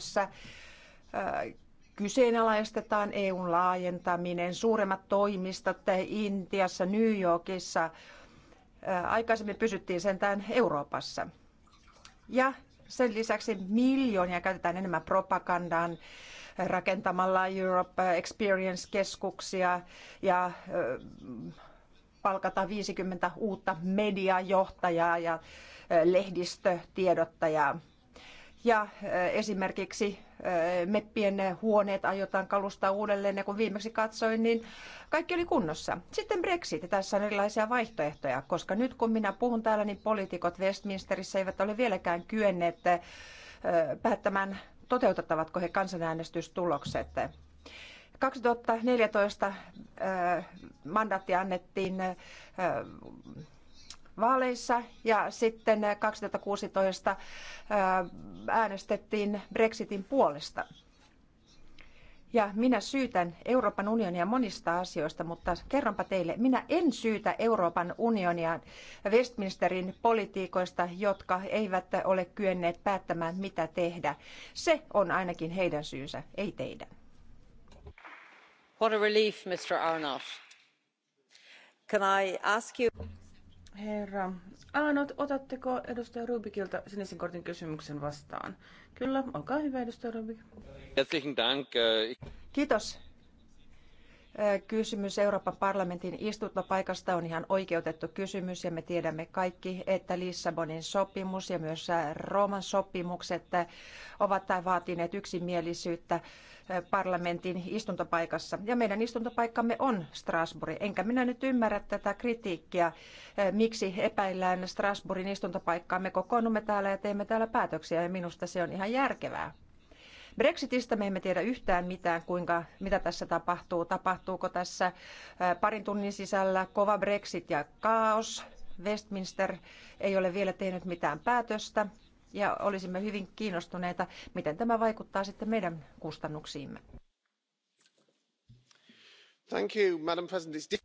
jossa äh, kyseenalaistetaan EUn laajentaminen, suuremmat toimistot Intiassa, New Yorkissa. Äh, aikaisemmin pysyttiin sentään Euroopassa. Ja sen lisäksi miljoonia käytetään enemmän propagandaan rakentamalla Europe Experience-keskuksia ja äh, palkata 50 uutta mediajohtajaa ja lehdistötiedottajaa ja eh, esimerkiksi eh, meppien huoneet aiotaan kalustaa uudelleen ja kun viimeksi katsoin, niin kaikki oli kunnossa. Sitten Brexit. Tässä on erilaisia vaihtoehtoja, koska nyt kun minä puhun täällä, niin poliitikot Westminsterissä eivät ole vieläkään kyenneet eh, päättämään, toteutettavatko he kansanäänestystulokset. 2014 mandaatti annettiin vaaleissa ja sitten 2016 äänestettiin Brexitin puolesta. Ja minä syytän Euroopan unionia monista asioista, mutta kerronpa teille, minä en syytä Euroopan unionia Westminsterin politiikoista, jotka eivät ole kyenneet päättämään, mitä tehdä. Se on ainakin heidän syynsä, ei teidän. What a relief, Mr. Arnott. Can I ask you... Herra Aanot, otatteko edustaja Rubikilta sinisen kortin kysymyksen vastaan? Kyllä, olkaa hyvä edustaja Rubik. Äh, Kiitos. Kysymys Euroopan parlamentin istuntopaikasta on ihan oikeutettu kysymys ja me tiedämme kaikki, että Lissabonin sopimus ja myös Rooman sopimukset ovat vaatineet yksimielisyyttä parlamentin istuntopaikassa. Ja meidän istuntopaikkamme on Strasbourg. Enkä minä nyt ymmärrä tätä kritiikkiä, miksi epäillään Strasbourgin istuntopaikkaa. Me kokoonnumme täällä ja teemme täällä päätöksiä ja minusta se on ihan järkevää. Brexitistä me emme tiedä yhtään mitään, kuinka, mitä tässä tapahtuu. Tapahtuuko tässä parin tunnin sisällä kova Brexit ja kaos? Westminster ei ole vielä tehnyt mitään päätöstä ja olisimme hyvin kiinnostuneita, miten tämä vaikuttaa sitten meidän kustannuksiimme.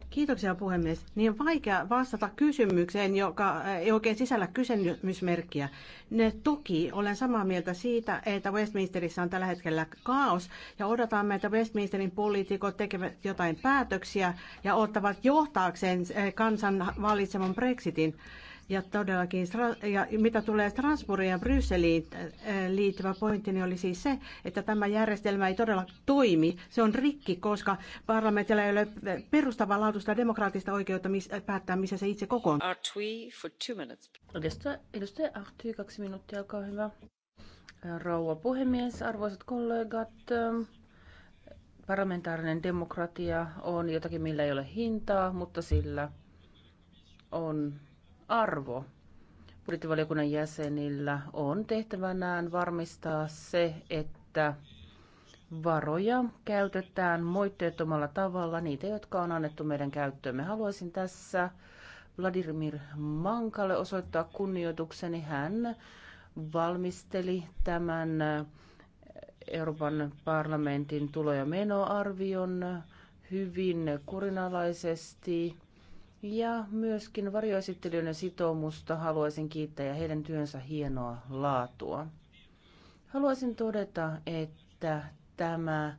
Kiitoksia puhemies. Niin on vaikea vastata kysymykseen, joka ei oikein sisällä kysymysmerkkiä. Ne toki olen samaa mieltä siitä, että Westminsterissä on tällä hetkellä kaos ja odotamme, että Westminsterin poliitikot tekevät jotain päätöksiä ja ottavat johtaakseen eh, kansan valitseman Brexitin. Ja todellakin, ja mitä tulee Strasbourgin ja Brysseliin eh, liittyvä pointti, niin oli siis se, että tämä järjestelmä ei todella toimi. Se on rikki, koska parlamentilla ei ole perustavaa laatusta demokraattista oikeutta päättää, missä se itse koko on. Edustaja, edustaja Artui, kaksi minuuttia, olkaa hyvä. Rouva puhemies, arvoisat kollegat, ähm, parlamentaarinen demokratia on jotakin, millä ei ole hintaa, mutta sillä on arvo. Budjettivaliokunnan jäsenillä on tehtävänään varmistaa se, että varoja käytetään moitteettomalla tavalla, niitä, jotka on annettu meidän käyttöömme. Haluaisin tässä Vladimir Mankalle osoittaa kunnioitukseni. Hän valmisteli tämän Euroopan parlamentin tulo- ja menoarvion hyvin kurinalaisesti ja myöskin varjoesittelijöiden sitoumusta haluaisin kiittää ja heidän työnsä hienoa laatua. Haluaisin todeta, että tämä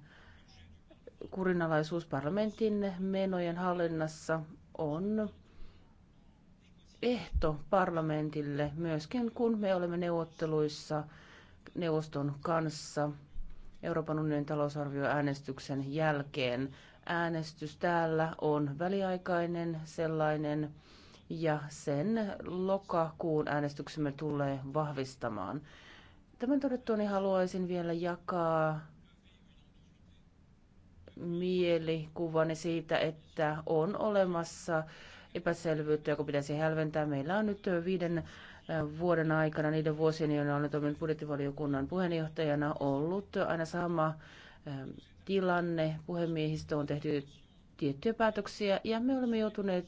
kurinalaisuus parlamentin menojen hallinnassa on ehto parlamentille myöskin, kun me olemme neuvotteluissa neuvoston kanssa Euroopan unionin talousarvioäänestyksen jälkeen äänestys täällä on väliaikainen sellainen ja sen lokakuun äänestyksemme tulee vahvistamaan. Tämän todettua niin haluaisin vielä jakaa mielikuvani siitä, että on olemassa epäselvyyttä, joka pitäisi hälventää. Meillä on nyt viiden vuoden aikana, niiden vuosien, joina olen toiminut budjettivaliokunnan puheenjohtajana, ollut aina sama tilanne. Puhemiehistö on tehty tiettyjä päätöksiä ja me olemme joutuneet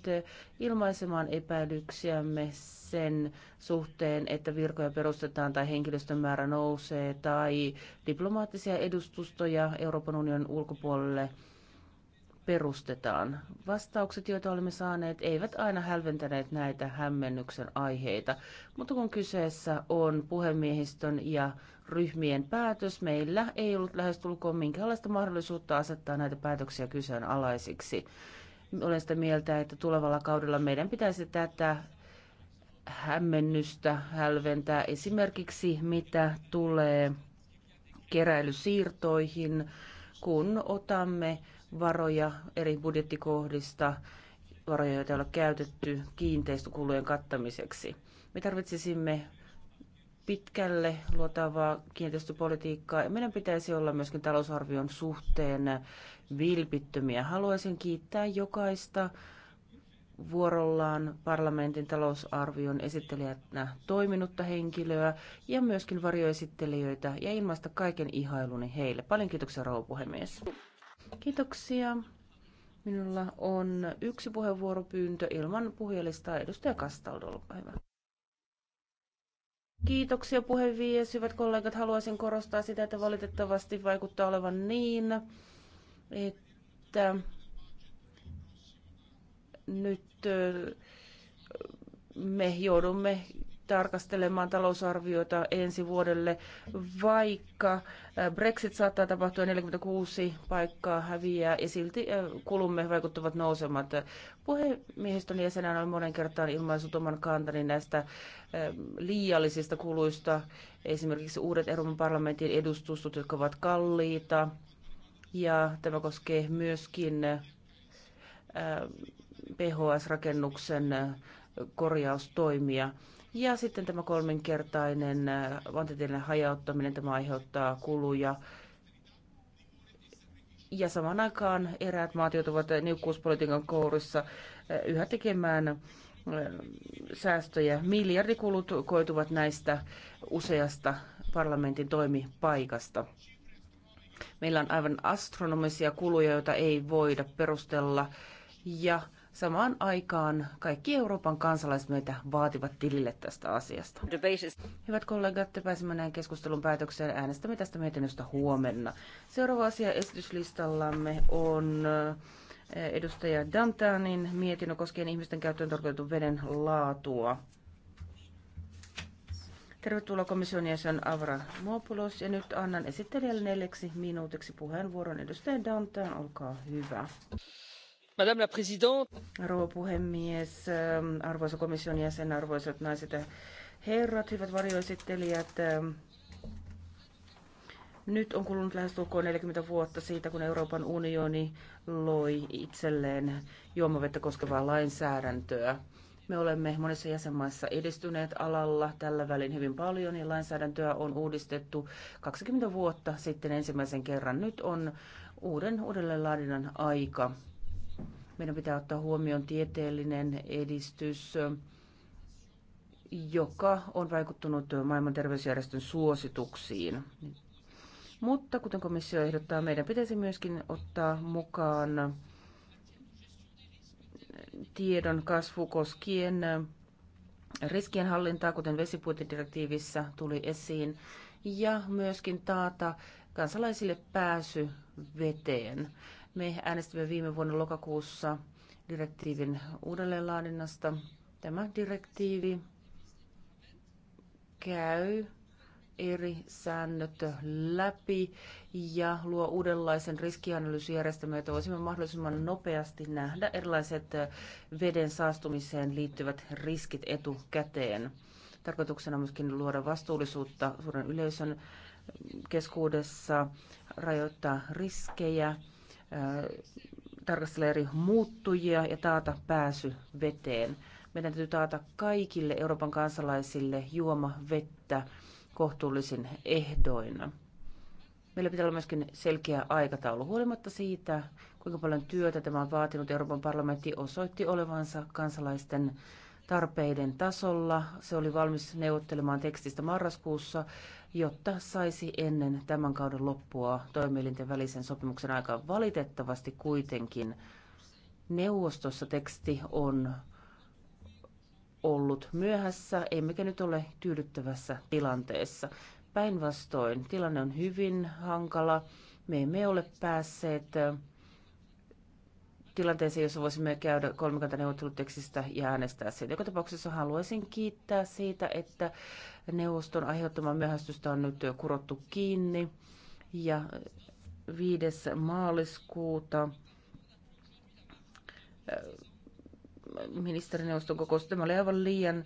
ilmaisemaan epäilyksiämme sen suhteen, että virkoja perustetaan tai henkilöstön määrä nousee tai diplomaattisia edustustoja Euroopan unionin ulkopuolelle perustetaan. Vastaukset, joita olemme saaneet, eivät aina hälventäneet näitä hämmennyksen aiheita, mutta kun kyseessä on puhemiehistön ja ryhmien päätös, meillä ei ollut lähestulkoon minkäänlaista mahdollisuutta asettaa näitä päätöksiä kyseenalaisiksi. Olen sitä mieltä, että tulevalla kaudella meidän pitäisi tätä hämmennystä hälventää esimerkiksi mitä tulee keräilysiirtoihin, kun otamme varoja eri budjettikohdista, varoja, joita ei ole käytetty kiinteistökulujen kattamiseksi. Me tarvitsisimme pitkälle luotavaa kiinteistöpolitiikkaa ja meidän pitäisi olla myöskin talousarvion suhteen vilpittömiä. Haluaisin kiittää jokaista vuorollaan parlamentin talousarvion esittelijänä toiminutta henkilöä ja myöskin varjoesittelijöitä ja ilmaista kaiken ihailuni heille. Paljon kiitoksia rouva puhemies. Kiitoksia. Minulla on yksi puheenvuoropyyntö ilman puhujalistaa. Edustaja Kastaldo, olkaa hyvä. Kiitoksia puhevies. Hyvät kollegat, haluaisin korostaa sitä, että valitettavasti vaikuttaa olevan niin, että nyt me joudumme tarkastelemaan talousarviota ensi vuodelle, vaikka äh, Brexit saattaa tapahtua 46 paikkaa häviää ja silti äh, kulumme vaikuttavat nousemat. Puhemiehistön jäsenä on monen kertaan ilmaissut oman kantani näistä äh, liiallisista kuluista, esimerkiksi uudet Euroopan parlamentin edustustut, jotka ovat kalliita, ja tämä koskee myöskin PHS-rakennuksen korjaustoimia. Ja sitten tämä kolminkertainen vantitieteellinen äh, hajauttaminen, tämä aiheuttaa kuluja. Ja samaan aikaan eräät maat joutuvat niukkuuspolitiikan kourissa äh, yhä tekemään äh, säästöjä. Miljardikulut koituvat näistä useasta parlamentin toimipaikasta. Meillä on aivan astronomisia kuluja, joita ei voida perustella. Ja Samaan aikaan kaikki Euroopan kansalaismyötä vaativat tilille tästä asiasta. Hyvät kollegat, pääsemme näin keskustelun päätökseen. Äänestämme tästä mietinnöstä huomenna. Seuraava asia esityslistallamme on eh, edustaja Dantanin mietinnö koskien ihmisten käyttöön tarkoitetun veden laatua. Tervetuloa komission jäsen Avra Mopulos ja nyt annan esittelijälle neljäksi minuutiksi puheenvuoron. Edustaja Dantan, olkaa hyvä. Madame Rouva puhemies, ähm, arvoisa komission jäsen, arvoisat naiset ja herrat, hyvät varjoesittelijät. Ähm, nyt on kulunut lähestulkoon 40 vuotta siitä, kun Euroopan unioni loi itselleen juomavettä koskevaa lainsäädäntöä. Me olemme monissa jäsenmaissa edistyneet alalla tällä välin hyvin paljon ja lainsäädäntöä on uudistettu 20 vuotta sitten ensimmäisen kerran. Nyt on uuden uudelleenlaadinnan aika. Meidän pitää ottaa huomioon tieteellinen edistys, joka on vaikuttunut maailman terveysjärjestön suosituksiin. Mutta kuten komissio ehdottaa, meidän pitäisi myöskin ottaa mukaan tiedon kasvu koskien riskienhallintaa, kuten vesipuitedirektiivissä tuli esiin, ja myöskin taata kansalaisille pääsy veteen. Me äänestimme viime vuonna lokakuussa direktiivin uudelleenlaadinnasta. Tämä direktiivi käy eri säännöt läpi ja luo uudenlaisen riskianalyysijärjestelmän, jota voisimme mahdollisimman nopeasti nähdä erilaiset veden saastumiseen liittyvät riskit etukäteen. Tarkoituksena on myöskin luoda vastuullisuutta suuren yleisön keskuudessa, rajoittaa riskejä tarkastella eri muuttujia ja taata pääsy veteen. Meidän täytyy taata kaikille Euroopan kansalaisille juoma vettä kohtuullisin ehdoin. Meillä pitää olla myöskin selkeä aikataulu. Huolimatta siitä, kuinka paljon työtä tämä on vaatinut, Euroopan parlamentti osoitti olevansa kansalaisten tarpeiden tasolla. Se oli valmis neuvottelemaan tekstistä marraskuussa jotta saisi ennen tämän kauden loppua toimielinten välisen sopimuksen aikaan. Valitettavasti kuitenkin neuvostossa teksti on ollut myöhässä, emmekä nyt ole tyydyttävässä tilanteessa. Päinvastoin tilanne on hyvin hankala. Me emme ole päässeet tilanteeseen, jossa voisimme käydä kolmikantaneuvottelutekstistä ja äänestää siitä. Joka tapauksessa haluaisin kiittää siitä, että neuvoston aiheuttama myöhästystä on nyt kurottu kiinni. Ja 5. maaliskuuta äh, ministerineuvoston kokous, tämä oli aivan liian äh,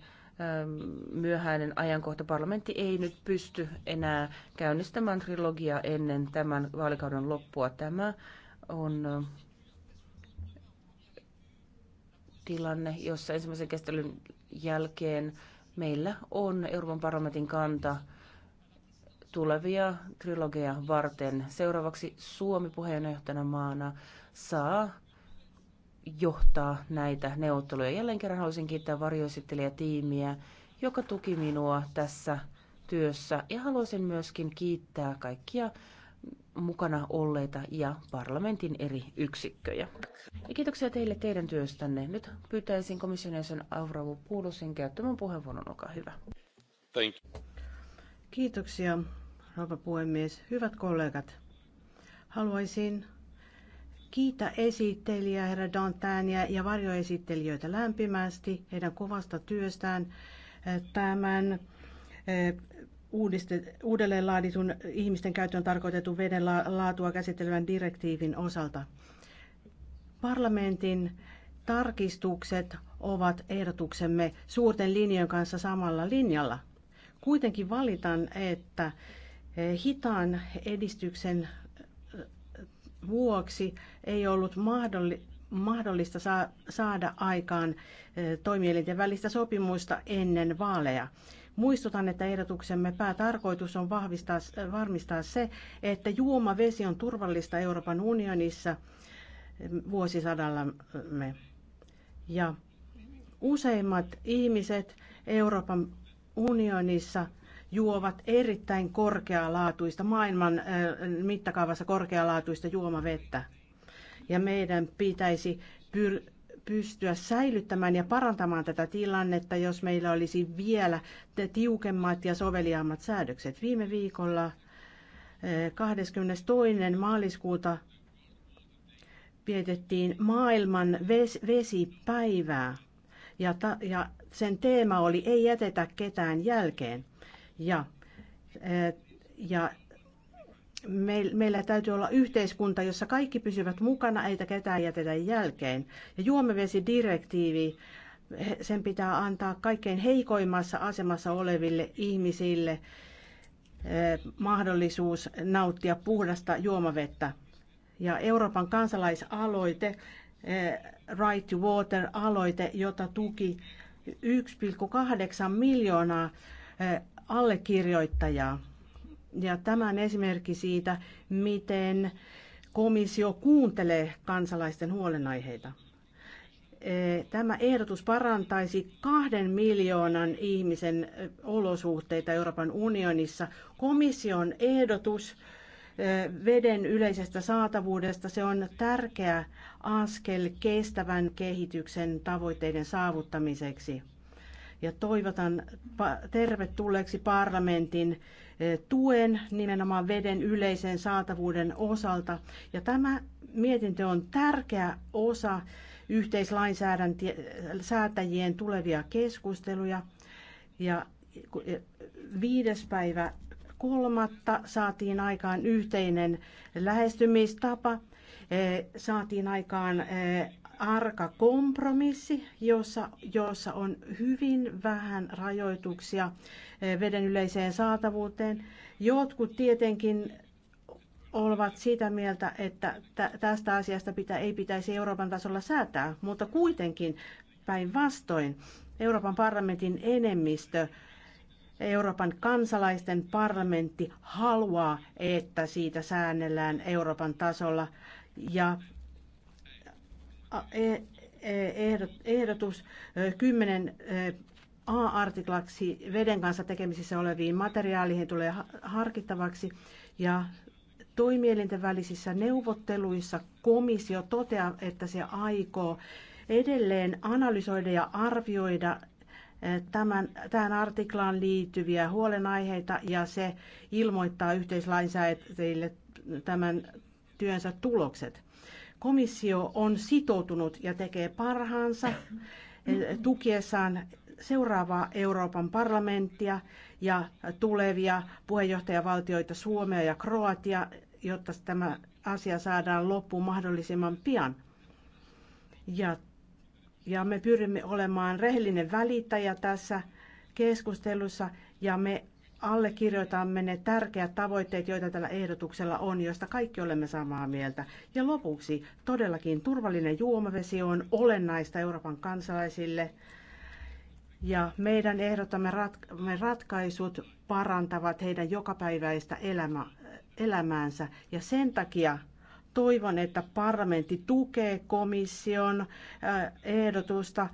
myöhäinen ajankohta. Parlamentti ei nyt pysty enää käynnistämään trilogiaa ennen tämän vaalikauden loppua. Tämä on äh, tilanne, jossa ensimmäisen kestelyn jälkeen meillä on Euroopan parlamentin kanta tulevia trilogeja varten. Seuraavaksi Suomi puheenjohtajana maana saa johtaa näitä neuvotteluja. Jälleen kerran haluaisin kiittää varjoesittelijätiimiä, joka tuki minua tässä työssä. Ja haluaisin myöskin kiittää kaikkia mukana olleita ja parlamentin eri yksikköjä. Ja kiitoksia teille teidän työstänne. Nyt pyytäisin komission jäsen Auravu puulosin käyttämään puheenvuoron. Olkaa hyvä. Thank you. Kiitoksia, rouva puhemies. Hyvät kollegat, haluaisin kiitä esittelijää herra Dantania ja varjoesittelijöitä lämpimästi heidän kovasta työstään tämän eh, uudelleen laaditun ihmisten käyttöön tarkoitetun veden laatua käsittelevän direktiivin osalta. Parlamentin tarkistukset ovat ehdotuksemme suurten linjojen kanssa samalla linjalla. Kuitenkin valitan, että eh, hitaan edistyksen eh, vuoksi ei ollut mahdollista saada aikaan eh, toimielinten välistä sopimusta ennen vaaleja. Muistutan, että ehdotuksemme päätarkoitus on vahvistaa, varmistaa se, että juomavesi on turvallista Euroopan unionissa vuosisadallamme. Ja useimmat ihmiset Euroopan unionissa juovat erittäin korkealaatuista, maailman mittakaavassa korkealaatuista juomavettä. Ja meidän pitäisi pyr- pystyä säilyttämään ja parantamaan tätä tilannetta, jos meillä olisi vielä tiukemmat ja soveliaammat säädökset. Viime viikolla 22. Eh, maaliskuuta vietettiin maailman ves- vesipäivää ja, ta- ja sen teema oli ei jätetä ketään jälkeen. Ja, eh, ja meillä täytyy olla yhteiskunta, jossa kaikki pysyvät mukana eikä ketään jätetä jälkeen. Ja juomavesidirektiivi, sen pitää antaa kaikkein heikoimmassa asemassa oleville ihmisille eh, mahdollisuus nauttia puhdasta juomavettä. Ja Euroopan kansalaisaloite, eh, Right to Water-aloite, jota tuki 1,8 miljoonaa eh, allekirjoittajaa ja tämä on esimerkki siitä, miten komissio kuuntelee kansalaisten huolenaiheita. E, tämä ehdotus parantaisi kahden miljoonan ihmisen e, olosuhteita Euroopan unionissa. Komission ehdotus e, veden yleisestä saatavuudesta. Se on tärkeä askel kestävän kehityksen tavoitteiden saavuttamiseksi. Ja toivotan tervetulleeksi parlamentin tuen nimenomaan veden yleisen saatavuuden osalta. Ja tämä mietintö on tärkeä osa yhteislainsäätäjien tulevia keskusteluja. Ja viides päivä kolmatta saatiin aikaan yhteinen lähestymistapa, saatiin aikaan arka kompromissi, jossa, jossa on hyvin vähän rajoituksia eh, veden yleiseen saatavuuteen. Jotkut tietenkin ovat sitä mieltä, että tästä asiasta pitä, ei pitäisi Euroopan tasolla säätää, mutta kuitenkin päinvastoin Euroopan parlamentin enemmistö Euroopan kansalaisten parlamentti haluaa, että siitä säännellään Euroopan tasolla. Ja E, e, ehdotus 10 A-artiklaksi veden kanssa tekemisissä oleviin materiaaleihin tulee harkittavaksi ja toimielinten välisissä neuvotteluissa komissio toteaa, että se aikoo edelleen analysoida ja arvioida tämän, tämän artiklaan liittyviä huolenaiheita ja se ilmoittaa yhteislainsäätäjille tämän työnsä tulokset. Komissio on sitoutunut ja tekee parhaansa eh, tukiessaan seuraavaa Euroopan parlamenttia ja tulevia puheenjohtajavaltioita Suomea ja Kroatia, jotta tämä asia saadaan loppuun mahdollisimman pian. Ja, ja me pyrimme olemaan rehellinen välittäjä tässä keskustelussa ja me allekirjoitamme ne tärkeät tavoitteet, joita tällä ehdotuksella on, joista kaikki olemme samaa mieltä. Ja lopuksi todellakin turvallinen juomavesi on olennaista Euroopan kansalaisille. Ja meidän ehdotamme ratka- ratkaisut parantavat heidän jokapäiväistä elämä- elämäänsä. Ja sen takia toivon, että parlamentti tukee komission ehdotusta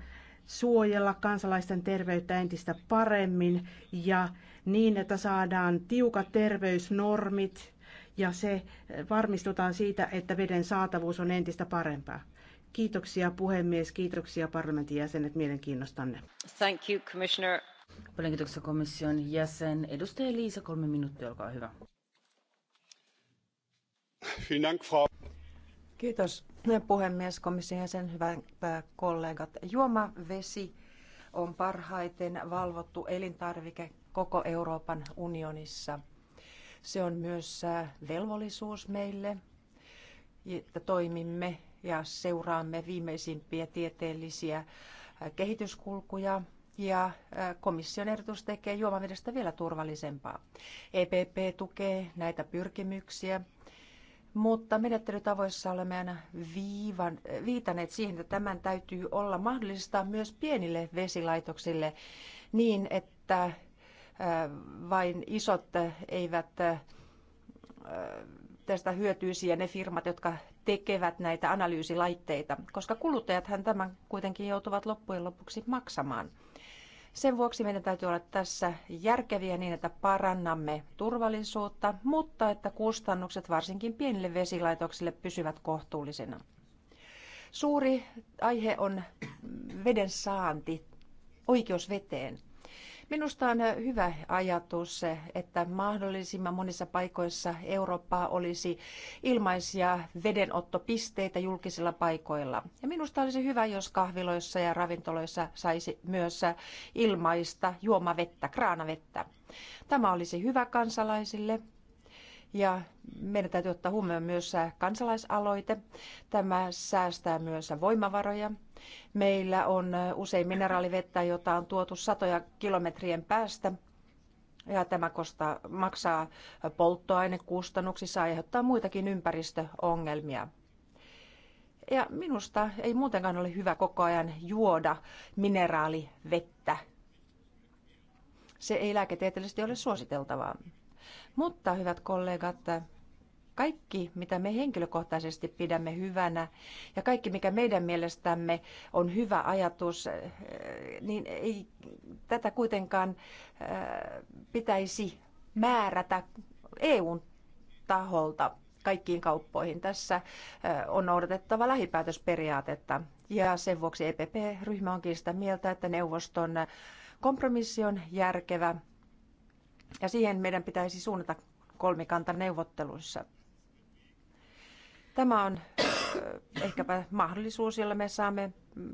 suojella kansalaisten terveyttä entistä paremmin ja niin, että saadaan tiukat terveysnormit ja se varmistutaan siitä, että veden saatavuus on entistä parempaa. Kiitoksia puhemies, kiitoksia parlamentin jäsenet mielenkiinnostanne. Thank you, Commissioner. Paljon kiitoksia komission jäsen. Edustaja Liisa, kolme minuuttia, olkaa hyvä. Kiitos puhemies, komission jäsen, hyvät kollegat. Juoma vesi on parhaiten valvottu elintarvike koko Euroopan unionissa. Se on myös äh, velvollisuus meille, että toimimme ja seuraamme viimeisimpiä tieteellisiä äh, kehityskulkuja ja äh, komission ehdotus tekee juomavedestä vielä turvallisempaa. EPP tukee näitä pyrkimyksiä, mutta menettelytavoissa olemme aina viivan, viitaneet siihen, että tämän täytyy olla mahdollista myös pienille vesilaitoksille niin, että vain isot eivät tästä hyötyisi ja ne firmat, jotka tekevät näitä analyysilaitteita, koska kuluttajathan tämän kuitenkin joutuvat loppujen lopuksi maksamaan. Sen vuoksi meidän täytyy olla tässä järkeviä niin, että parannamme turvallisuutta, mutta että kustannukset varsinkin pienille vesilaitoksille pysyvät kohtuullisena. Suuri aihe on veden saanti, oikeus veteen. Minusta on hyvä ajatus, että mahdollisimman monissa paikoissa Eurooppaa olisi ilmaisia vedenottopisteitä julkisilla paikoilla. Ja minusta olisi hyvä, jos kahviloissa ja ravintoloissa saisi myös ilmaista juomavettä, kraanavettä. Tämä olisi hyvä kansalaisille, ja meidän täytyy ottaa huomioon myös kansalaisaloite. Tämä säästää myös voimavaroja. Meillä on usein mineraalivettä, jota on tuotu satoja kilometrien päästä. Ja tämä kostaa, maksaa polttoainekustannuksissa ja aiheuttaa muitakin ympäristöongelmia. Ja minusta ei muutenkaan ole hyvä koko ajan juoda mineraalivettä. Se ei lääketieteellisesti ole suositeltavaa. Mutta hyvät kollegat, kaikki, mitä me henkilökohtaisesti pidämme hyvänä ja kaikki, mikä meidän mielestämme on hyvä ajatus, eh, niin ei tätä kuitenkaan eh, pitäisi määrätä EUn taholta kaikkiin kauppoihin. Tässä eh, on noudatettava lähipäätösperiaatetta ja sen vuoksi EPP-ryhmä onkin sitä mieltä, että neuvoston kompromissi on järkevä ja siihen meidän pitäisi suunnata kolmikanta neuvotteluissa. Tämä on ehkäpä mahdollisuus, jolla me saamme mm,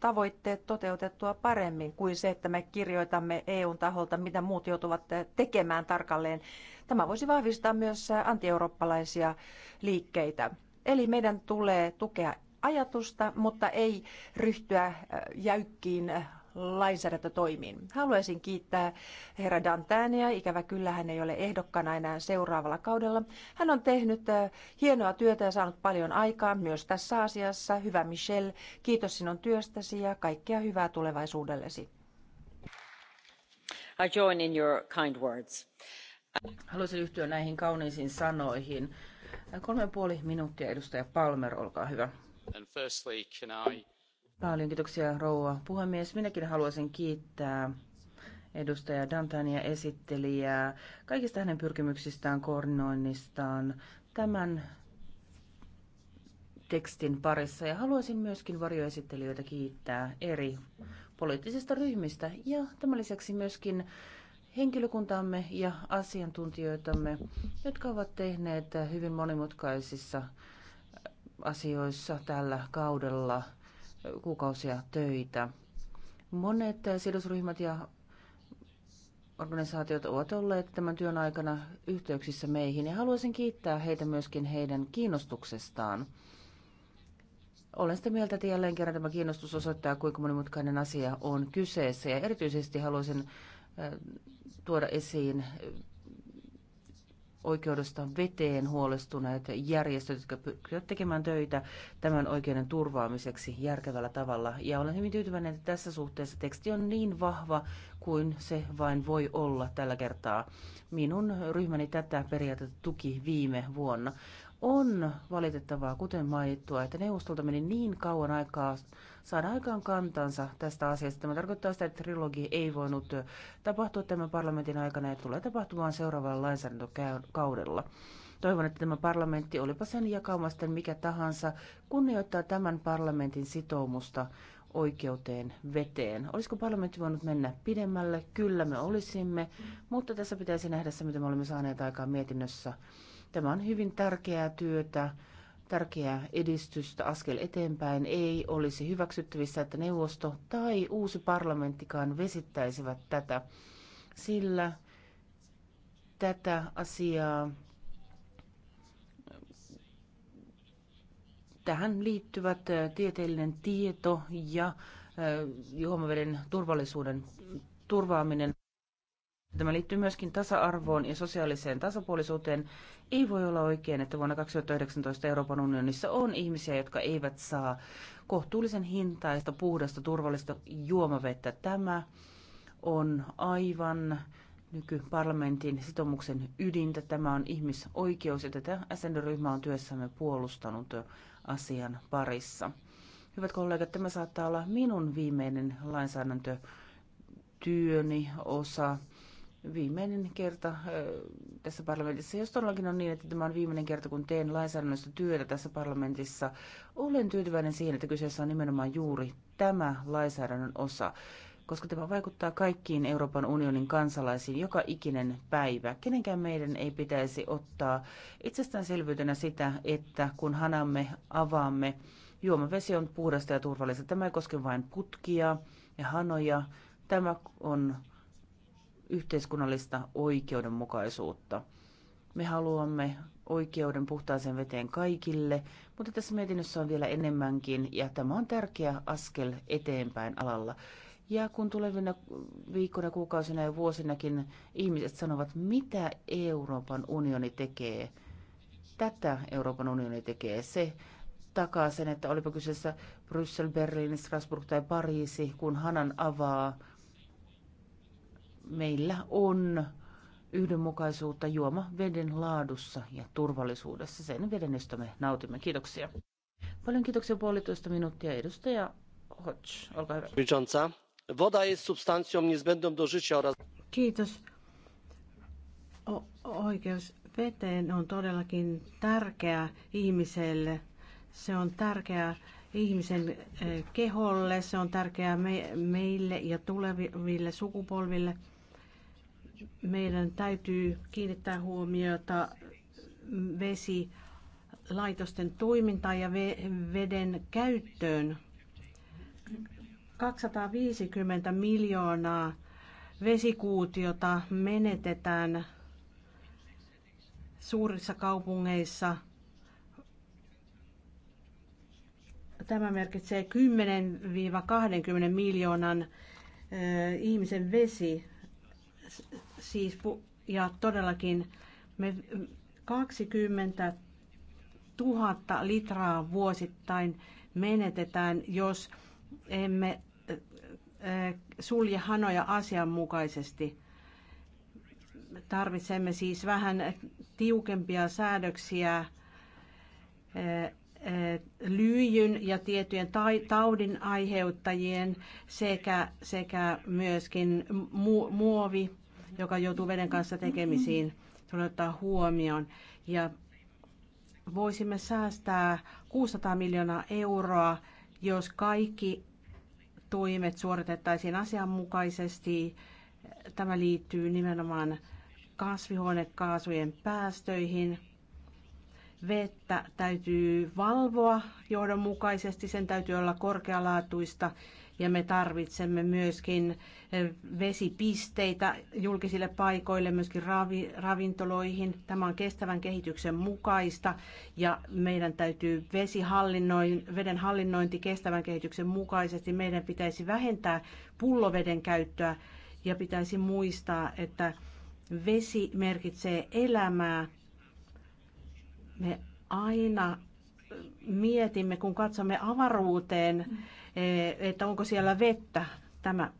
tavoitteet toteutettua paremmin kuin se, että me kirjoitamme EUn taholta, mitä muut joutuvat tekemään tarkalleen. Tämä voisi vahvistaa myös antieurooppalaisia liikkeitä. Eli meidän tulee tukea ajatusta, mutta ei ryhtyä jäykkiin lainsäädäntötoimiin. Haluaisin kiittää herra Dantania. Ikävä kyllä hän ei ole ehdokkana enää seuraavalla kaudella. Hän on tehnyt äh, hienoa työtä ja saanut paljon aikaa myös tässä asiassa. Hyvä Michel, kiitos sinun työstäsi ja kaikkea hyvää tulevaisuudellesi. I join in your kind words. Haluaisin yhtyä näihin kauniisiin sanoihin. Kolme ja puoli minuuttia, edustaja Palmer, olkaa hyvä. And firstly, can I Paljon kiitoksia rouva puhemies. Minäkin haluaisin kiittää edustaja Dantania esittelijää kaikista hänen pyrkimyksistään, koordinoinnistaan tämän tekstin parissa. Ja haluaisin myöskin varjoesittelijöitä kiittää eri poliittisista ryhmistä ja tämän lisäksi myöskin henkilökuntaamme ja asiantuntijoitamme, jotka ovat tehneet hyvin monimutkaisissa asioissa tällä kaudella – kuukausia töitä. Monet sidosryhmät ja organisaatiot ovat olleet tämän työn aikana yhteyksissä meihin ja haluaisin kiittää heitä myöskin heidän kiinnostuksestaan. Olen sitä mieltä, että jälleen kerran tämä kiinnostus osoittaa, kuinka monimutkainen asia on kyseessä ja erityisesti haluaisin äh, tuoda esiin oikeudesta veteen huolestuneet järjestöt, jotka pyrkivät tekemään töitä tämän oikeuden turvaamiseksi järkevällä tavalla. Ja olen hyvin tyytyväinen, että tässä suhteessa teksti on niin vahva kuin se vain voi olla tällä kertaa. Minun ryhmäni tätä periaatetta tuki viime vuonna. On valitettavaa, kuten mainittua, että neuvostolta meni niin kauan aikaa saada aikaan kantansa tästä asiasta. Tämä tarkoittaa sitä, että trilogi ei voinut tapahtua tämän parlamentin aikana ja tulee tapahtumaan seuraavalla lainsäädäntökaudella. Toivon, että tämä parlamentti, olipa sen jakaumasten mikä tahansa, kunnioittaa tämän parlamentin sitoumusta oikeuteen veteen. Olisiko parlamentti voinut mennä pidemmälle? Kyllä me olisimme, mutta tässä pitäisi nähdä se, mitä me olemme saaneet aikaan mietinnössä. Tämä on hyvin tärkeää työtä tärkeää edistystä askel eteenpäin, ei olisi hyväksyttävissä, että neuvosto tai uusi parlamenttikaan vesittäisivät tätä, sillä tätä asiaa tähän liittyvät äh, tieteellinen tieto ja äh, juomaveden turvallisuuden turvaaminen Tämä liittyy myöskin tasa-arvoon ja sosiaaliseen tasapuolisuuteen. Ei voi olla oikein, että vuonna 2019 Euroopan unionissa on ihmisiä, jotka eivät saa kohtuullisen hintaista, puhdasta, turvallista juomavettä. Tämä on aivan nykyparlamentin sitomuksen ydintä. Tämä on ihmisoikeus ja tätä SND-ryhmä on työssämme puolustanut asian parissa. Hyvät kollegat, tämä saattaa olla minun viimeinen lainsäädäntötyöni osa viimeinen kerta tässä parlamentissa. Jos todellakin on niin, että tämä on viimeinen kerta, kun teen lainsäädännöstä työtä tässä parlamentissa, olen tyytyväinen siihen, että kyseessä on nimenomaan juuri tämä lainsäädännön osa, koska tämä vaikuttaa kaikkiin Euroopan unionin kansalaisiin joka ikinen päivä. Kenenkään meidän ei pitäisi ottaa itsestäänselvyytenä sitä, että kun hanamme avaamme, juomavesi on puhdasta ja turvallista. Tämä ei koske vain putkia ja hanoja. Tämä on yhteiskunnallista oikeudenmukaisuutta. Me haluamme oikeuden puhtaaseen veteen kaikille, mutta tässä mietinnössä on vielä enemmänkin ja tämä on tärkeä askel eteenpäin alalla. Ja kun tulevina viikkoina, kuukausina ja vuosinakin ihmiset sanovat, mitä Euroopan unioni tekee, tätä Euroopan unioni tekee, se takaa sen, että olipa kyseessä Bryssel, Berliini, Strasbourg tai Pariisi, kun Hanan avaa – meillä on yhdenmukaisuutta juoma veden laadussa ja turvallisuudessa, sen veden, josta me nautimme. Kiitoksia. Paljon kiitoksia puolitoista minuuttia. Edustaja Hodge, olkaa hyvä. Woda jest substancją niezbędną do życia oraz... Kiitos. O- oikeus veteen on todellakin tärkeä ihmiselle. Se on tärkeä ihmisen e, keholle, se on tärkeää me, meille ja tuleville sukupolville – meidän täytyy kiinnittää huomiota vesilaitosten toimintaan ja veden käyttöön. 250 miljoonaa vesikuutiota menetetään suurissa kaupungeissa. Tämä merkitsee 10-20 miljoonan ihmisen vesi siis, ja todellakin me 20 000 litraa vuosittain menetetään, jos emme sulje hanoja asianmukaisesti. Tarvitsemme siis vähän tiukempia säädöksiä lyijyn ja tiettyjen taudin aiheuttajien sekä, sekä myöskin muovi joka joutuu veden kanssa tekemisiin, tulee ottaa huomioon. Ja voisimme säästää 600 miljoonaa euroa, jos kaikki toimet suoritettaisiin asianmukaisesti. Tämä liittyy nimenomaan kasvihuonekaasujen päästöihin. Vettä täytyy valvoa johdonmukaisesti, sen täytyy olla korkealaatuista ja me tarvitsemme myöskin eh, vesipisteitä julkisille paikoille, myöskin ravi, ravintoloihin. Tämä on kestävän kehityksen mukaista ja meidän täytyy vesihallinnoin, veden hallinnointi kestävän kehityksen mukaisesti. Meidän pitäisi vähentää pulloveden käyttöä ja pitäisi muistaa, että vesi merkitsee elämää. Me aina mietimme, kun katsomme avaruuteen, Eh, että onko siellä vettä. Tämä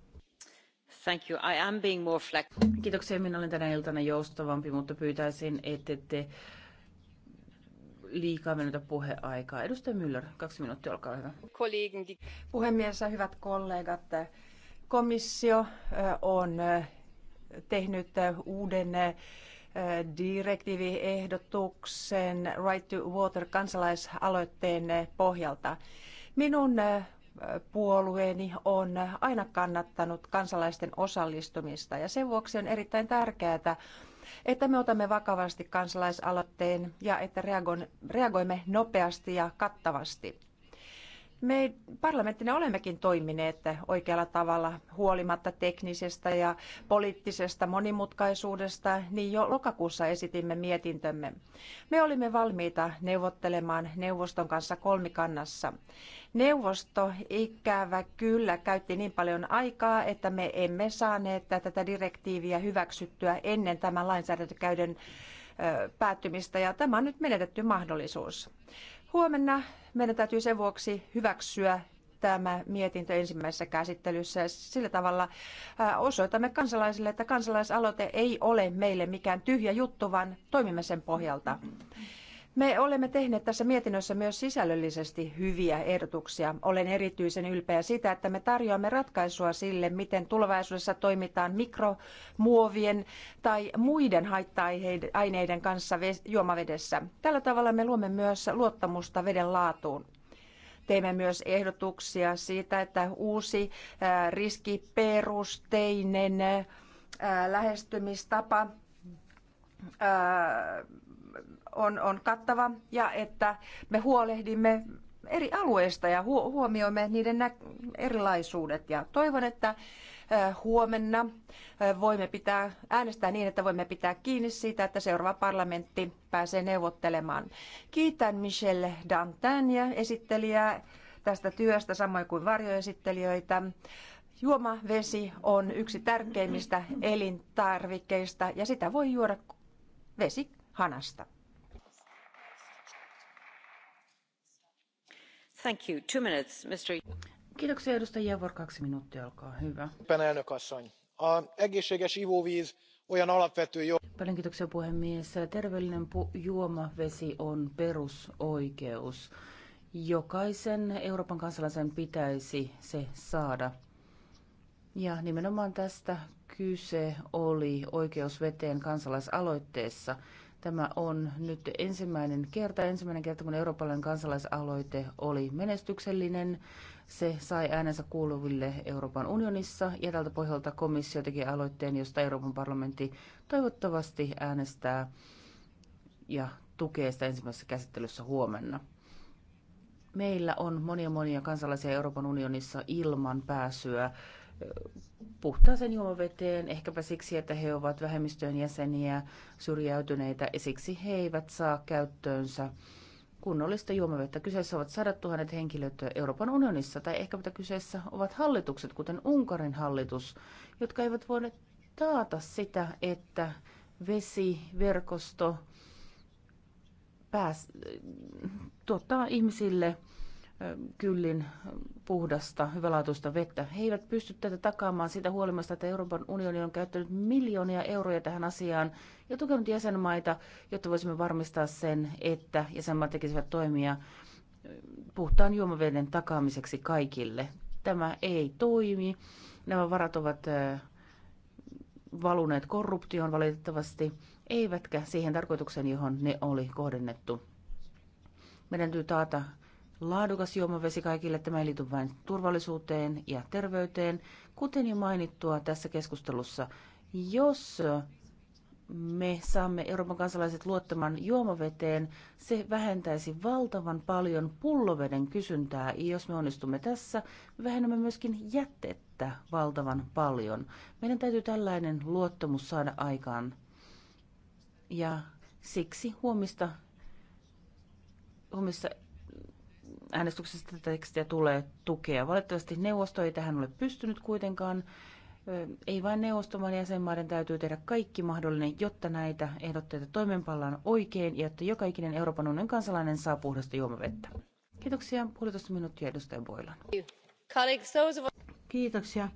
Thank you. I am being more flexible. Kiitoksia. Minä olen tänä iltana joustavampi, mutta pyytäisin, että ette liikaa menetä puheaikaa. Edustaja Müller, kaksi minuuttia, olkaa hyvä. Puhemies ja hyvät kollegat, komissio eh, on eh, tehnyt uuden direktiiviehdotuksen Right to Water kansalaisaloitteen pohjalta. Minun puolueeni on aina kannattanut kansalaisten osallistumista ja sen vuoksi on erittäin tärkeää, että me otamme vakavasti kansalaisaloitteen ja että reagoimme nopeasti ja kattavasti me parlamenttina olemmekin toimineet oikealla tavalla huolimatta teknisestä ja poliittisesta monimutkaisuudesta, niin jo lokakuussa esitimme mietintömme. Me olimme valmiita neuvottelemaan neuvoston kanssa kolmikannassa. Neuvosto ikävä kyllä käytti niin paljon aikaa, että me emme saaneet tätä direktiiviä hyväksyttyä ennen tämän lainsäädäntökäyden päättymistä ja tämä on nyt menetetty mahdollisuus. Huomenna meidän täytyy sen vuoksi hyväksyä tämä mietintö ensimmäisessä käsittelyssä. Sillä tavalla osoitamme kansalaisille, että kansalaisaloite ei ole meille mikään tyhjä juttu, vaan toimimme sen pohjalta. Me olemme tehneet tässä mietinnössä myös sisällöllisesti hyviä ehdotuksia. Olen erityisen ylpeä sitä, että me tarjoamme ratkaisua sille, miten tulevaisuudessa toimitaan mikromuovien tai muiden haitta-aineiden kanssa juomavedessä. Tällä tavalla me luomme myös luottamusta veden laatuun. Teimme myös ehdotuksia siitä, että uusi riskiperusteinen lähestymistapa on, on kattava ja että me huolehdimme eri alueista ja huomioimme niiden erilaisuudet. Ja toivon, että huomenna voimme pitää, äänestää niin, että voimme pitää kiinni siitä, että seuraava parlamentti pääsee neuvottelemaan. Kiitän Michel Dantania esittelijää tästä työstä, samoin kuin varjoesittelijöitä. Juomavesi on yksi tärkeimmistä elintarvikkeista ja sitä voi juoda hanasta. Thank you. Two minutes, Mr. Kiitoksia edustaja Javor, kaksi minuuttia, olkaa hyvä. Elnök asszony, a egészséges ivóvíz olyan alapvető jo... Paljon kiitoksia puhemies. Terveellinen pu- juomavesi on perusoikeus. Jokaisen Euroopan kansalaisen pitäisi se saada. Ja nimenomaan tästä kyse oli oikeusveteen kansalaisaloitteessa. Tämä on nyt ensimmäinen kerta, ensimmäinen kerta, kun eurooppalainen kansalaisaloite oli menestyksellinen. Se sai äänensä kuuluville Euroopan unionissa ja tältä pohjalta komissio teki aloitteen, josta Euroopan parlamentti toivottavasti äänestää ja tukee sitä ensimmäisessä käsittelyssä huomenna. Meillä on monia monia kansalaisia Euroopan unionissa ilman pääsyä puhtaaseen juomaveteen, ehkäpä siksi, että he ovat vähemmistöjen jäseniä, syrjäytyneitä ja siksi he eivät saa käyttöönsä kunnollista juomavettä. Kyseessä ovat sadat tuhannet henkilöt Euroopan unionissa tai ehkäpä kyseessä ovat hallitukset, kuten Unkarin hallitus, jotka eivät voi taata sitä, että vesi, verkosto pääs, tuottaa ihmisille kyllin puhdasta, hyvälaatuista vettä. He eivät pysty tätä takaamaan sitä huolimatta, että Euroopan unioni on käyttänyt miljoonia euroja tähän asiaan ja tukenut jäsenmaita, jotta voisimme varmistaa sen, että jäsenmaat tekisivät toimia puhtaan juomaveden takaamiseksi kaikille. Tämä ei toimi. Nämä varat ovat valuneet korruptioon valitettavasti, eivätkä siihen tarkoitukseen, johon ne oli kohdennettu. Meidän täytyy taata laadukas juomavesi kaikille. Tämä ei liity vain turvallisuuteen ja terveyteen. Kuten jo mainittua tässä keskustelussa, jos me saamme Euroopan kansalaiset luottamaan juomaveteen, se vähentäisi valtavan paljon pulloveden kysyntää. Jos me onnistumme tässä, me vähennämme myöskin jätettä valtavan paljon. Meidän täytyy tällainen luottamus saada aikaan. Ja siksi huomista, huomista äänestyksestä tätä tekstiä tulee tukea. Valitettavasti neuvosto ei tähän ole pystynyt kuitenkaan. Ei vain neuvosto, vaan jäsenmaiden täytyy tehdä kaikki mahdollinen, jotta näitä ehdotteita toimeenpallaan oikein ja että joka ikinen Euroopan unionin kansalainen saa puhdasta juomavettä. Kiitoksia. Puolitoista minuuttia edustaja Boilan. Kiitoksia.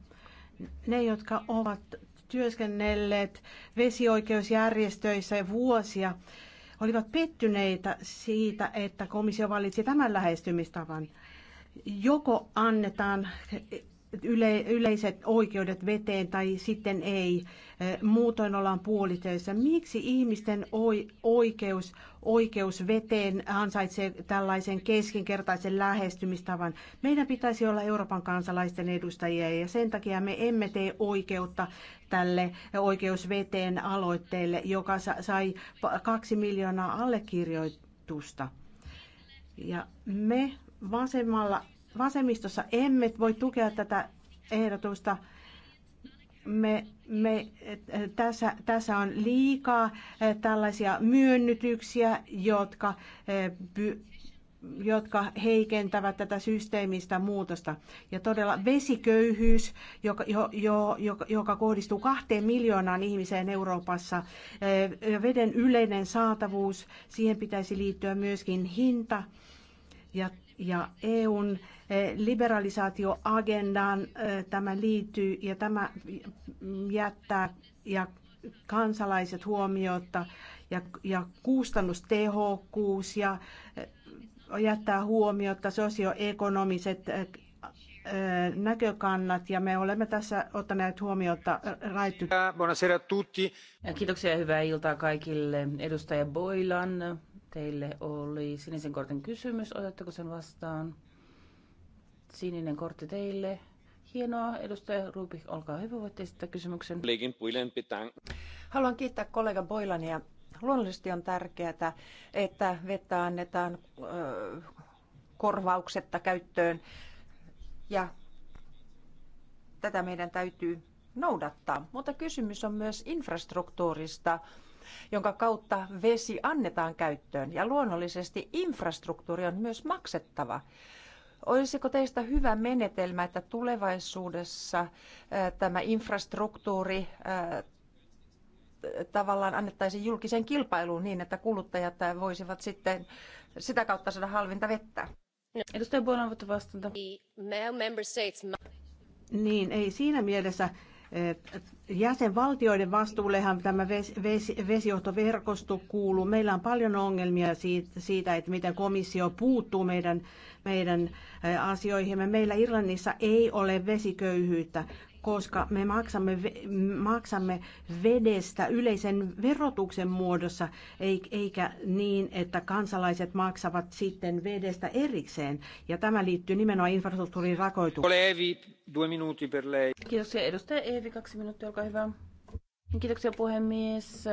Ne, jotka ovat työskennelleet vesioikeusjärjestöissä vuosia, olivat pettyneitä siitä, että komissio valitsi tämän lähestymistavan. Joko annetaan yle, yleiset oikeudet veteen tai sitten ei. Muutoin ollaan puolitöissä. Miksi ihmisten oikeus, oikeus veteen ansaitsee tällaisen keskinkertaisen lähestymistavan? Meidän pitäisi olla Euroopan kansalaisten edustajia ja sen takia me emme tee oikeutta tälle oikeusveteen aloitteelle, joka sai kaksi miljoonaa allekirjoitusta. Ja me vasemmalla Vasemmistossa emme voi tukea tätä ehdotusta. Me, me, tässä, tässä on liikaa eh, tällaisia myönnytyksiä, jotka, eh, jotka heikentävät tätä systeemistä muutosta. Ja todella vesiköyhyys, joka, jo, jo, joka, joka kohdistuu kahteen miljoonaan ihmiseen Euroopassa, eh, veden yleinen saatavuus, siihen pitäisi liittyä myöskin hinta. Ja ja EUn eh, liberalisaatioagendaan eh, tämä liittyy ja tämä jättää ja kansalaiset huomiota ja, ja kustannustehokkuus ja eh, jättää huomiota sosioekonomiset näkökannat ja me olemme tässä ottaneet huomiota raittu. tutti. Kiitoksia ja hyvää iltaa kaikille. Edustaja Boilan Teille oli sinisen kortin kysymys. Otatteko sen vastaan? Sininen kortti teille. Hienoa. Edustaja Rubik, olkaa hyvä. Voitte esittää kysymyksen. Haluan kiittää kollega Boilania. Luonnollisesti on tärkeää, että vettä annetaan korvauksetta käyttöön ja tätä meidän täytyy noudattaa. Mutta kysymys on myös infrastruktuurista jonka kautta vesi annetaan käyttöön. Ja luonnollisesti infrastruktuuri on myös maksettava. Olisiko teistä hyvä menetelmä, että tulevaisuudessa tämä infrastruktuuri tavallaan annettaisiin julkiseen kilpailuun niin, että kuluttajat voisivat sitten sitä kautta saada halvinta vettä? No. Edustaja Buona, voitte vastata. Niin, ei siinä mielessä Jäsenvaltioiden vastuullehan tämä vesijohtoverkosto kuuluu. Meillä on paljon ongelmia siitä, että miten komissio puuttuu meidän, meidän asioihimme. Meillä Irlannissa ei ole vesiköyhyyttä koska me maksamme, maksamme vedestä yleisen verotuksen muodossa, eikä niin, että kansalaiset maksavat sitten vedestä erikseen. Ja tämä liittyy nimenomaan infrastruktuurin rakoitukseen. Evi, per lei. Kiitoksia edustaja Eevi, kaksi minuuttia, olkaa hyvä. Kiitoksia puhemies.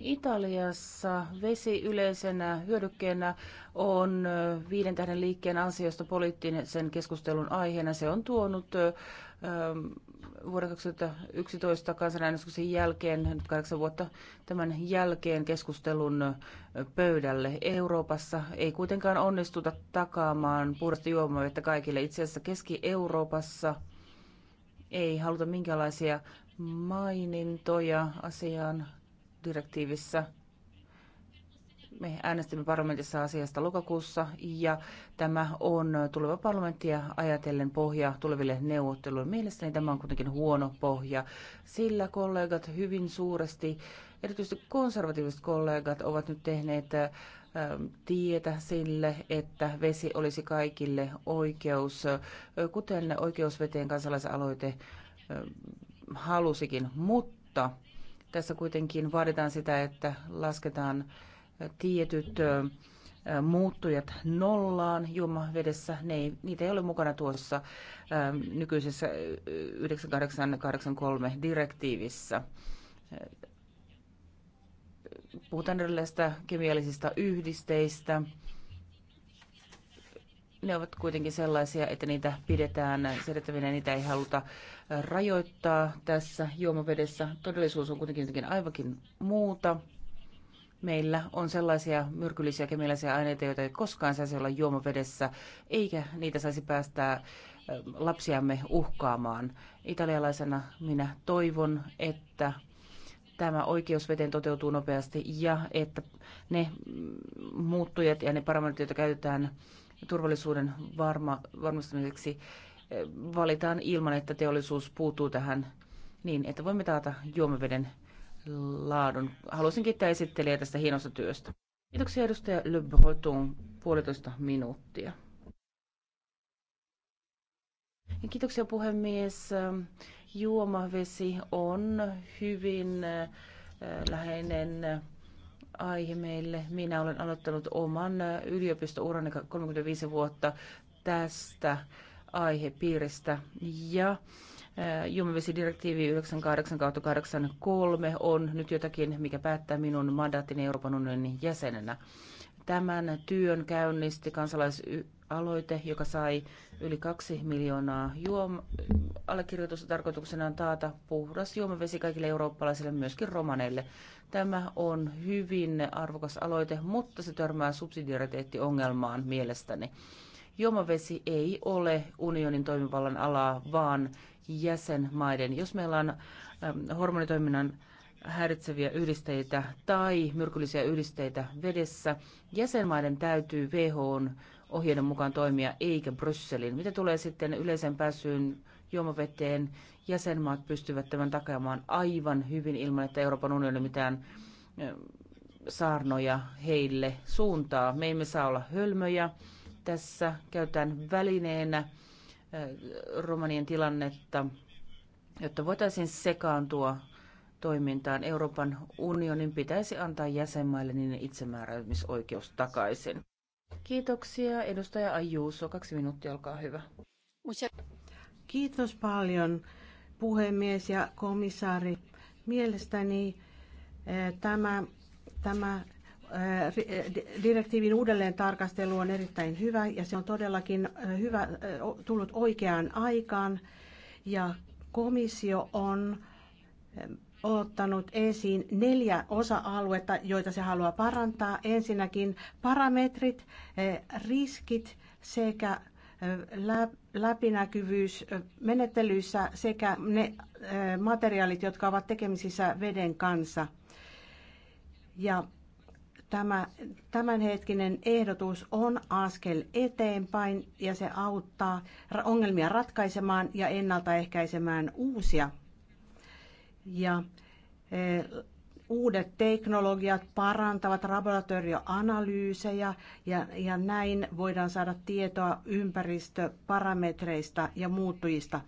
Italiassa vesi yleisenä hyödykkeenä on viiden tähden liikkeen ansiosta poliittisen keskustelun aiheena. Se on tuonut ähm, vuoden 2011 kansanäänestyksen jälkeen, kahdeksan vuotta tämän jälkeen keskustelun pöydälle. Euroopassa ei kuitenkaan onnistuta takaamaan puhdasta juomavettä kaikille. Itse asiassa Keski-Euroopassa ei haluta minkälaisia mainintoja asiaan direktiivissä – me äänestimme parlamentissa asiasta lokakuussa ja tämä on tuleva parlamenttia ajatellen pohja tuleville neuvotteluille. Mielestäni tämä on kuitenkin huono pohja, sillä kollegat hyvin suuresti, erityisesti konservatiiviset kollegat, ovat nyt tehneet äh, tietä sille, että vesi olisi kaikille oikeus, äh, kuten oikeusveteen kansalaisaloite äh, halusikin, mutta tässä kuitenkin vaaditaan sitä, että lasketaan tietyt muuttujat nollaan juomavedessä. Ne ei, niitä ei ole mukana tuossa nykyisessä 9883 direktiivissä. Puhutaan erilaisista kemiallisista yhdisteistä. Ne ovat kuitenkin sellaisia, että niitä pidetään siedettävinä, niitä ei haluta rajoittaa tässä juomavedessä. Todellisuus on kuitenkin jotenkin aivakin muuta meillä on sellaisia myrkyllisiä kemiallisia aineita, joita ei koskaan saisi olla juomavedessä, eikä niitä saisi päästää lapsiamme uhkaamaan. Italialaisena minä toivon, että tämä oikeus veteen toteutuu nopeasti ja että ne muuttujat ja ne parametrit, joita käytetään turvallisuuden varma, varmistamiseksi, valitaan ilman, että teollisuus puuttuu tähän niin, että voimme taata juomaveden laadun. Haluaisin kiittää esittelijää tästä hienosta työstä. Kiitoksia edustaja Le Breton, puolitoista minuuttia. Ja kiitoksia puhemies. Juomavesi on hyvin äh, läheinen aihe meille. Minä olen aloittanut oman äh, yliopistourani 35 vuotta tästä aihepiiristä ja Juomavesidirektiivi 98-83 on nyt jotakin, mikä päättää minun mandaattini Euroopan unionin jäsenenä. Tämän työn käynnisti kansalaisaloite, joka sai yli kaksi miljoonaa juom- allekirjoitusta tarkoituksena on taata puhdas juomavesi kaikille eurooppalaisille, myöskin romaneille. Tämä on hyvin arvokas aloite, mutta se törmää subsidiariteettiongelmaan mielestäni juomavesi ei ole unionin toimivallan alaa, vaan jäsenmaiden. Jos meillä on hormonitoiminnan häiritseviä yhdisteitä tai myrkyllisiä yhdisteitä vedessä, jäsenmaiden täytyy WHOn ohjeiden mukaan toimia eikä Brysselin. Mitä tulee sitten yleisen pääsyyn juomaveteen, jäsenmaat pystyvät tämän takaamaan aivan hyvin ilman, että Euroopan unioni mitään saarnoja heille suuntaa. Me emme saa olla hölmöjä. Tässä käytän välineenä romanien tilannetta, jotta voitaisiin sekaantua toimintaan. Euroopan unionin pitäisi antaa jäsenmaille niiden itsemääräämisoikeus takaisin. Kiitoksia. Edustaja Ajuuso, kaksi minuuttia, olkaa hyvä. Kiitos paljon puhemies ja komissaari. Mielestäni eh, tämä, tämä direktiivin uudelleen tarkastelu on erittäin hyvä ja se on todellakin hyvä, tullut oikeaan aikaan ja komissio on ottanut esiin neljä osa-aluetta, joita se haluaa parantaa. Ensinnäkin parametrit, riskit sekä läpinäkyvyys menettelyissä sekä ne materiaalit, jotka ovat tekemisissä veden kanssa. Ja Tämä tämänhetkinen ehdotus on askel eteenpäin ja se auttaa ongelmia ratkaisemaan ja ennaltaehkäisemään uusia. Ja e, uudet teknologiat parantavat laboratorioanalyysejä ja, ja näin voidaan saada tietoa ympäristöparametreista ja muuttujista.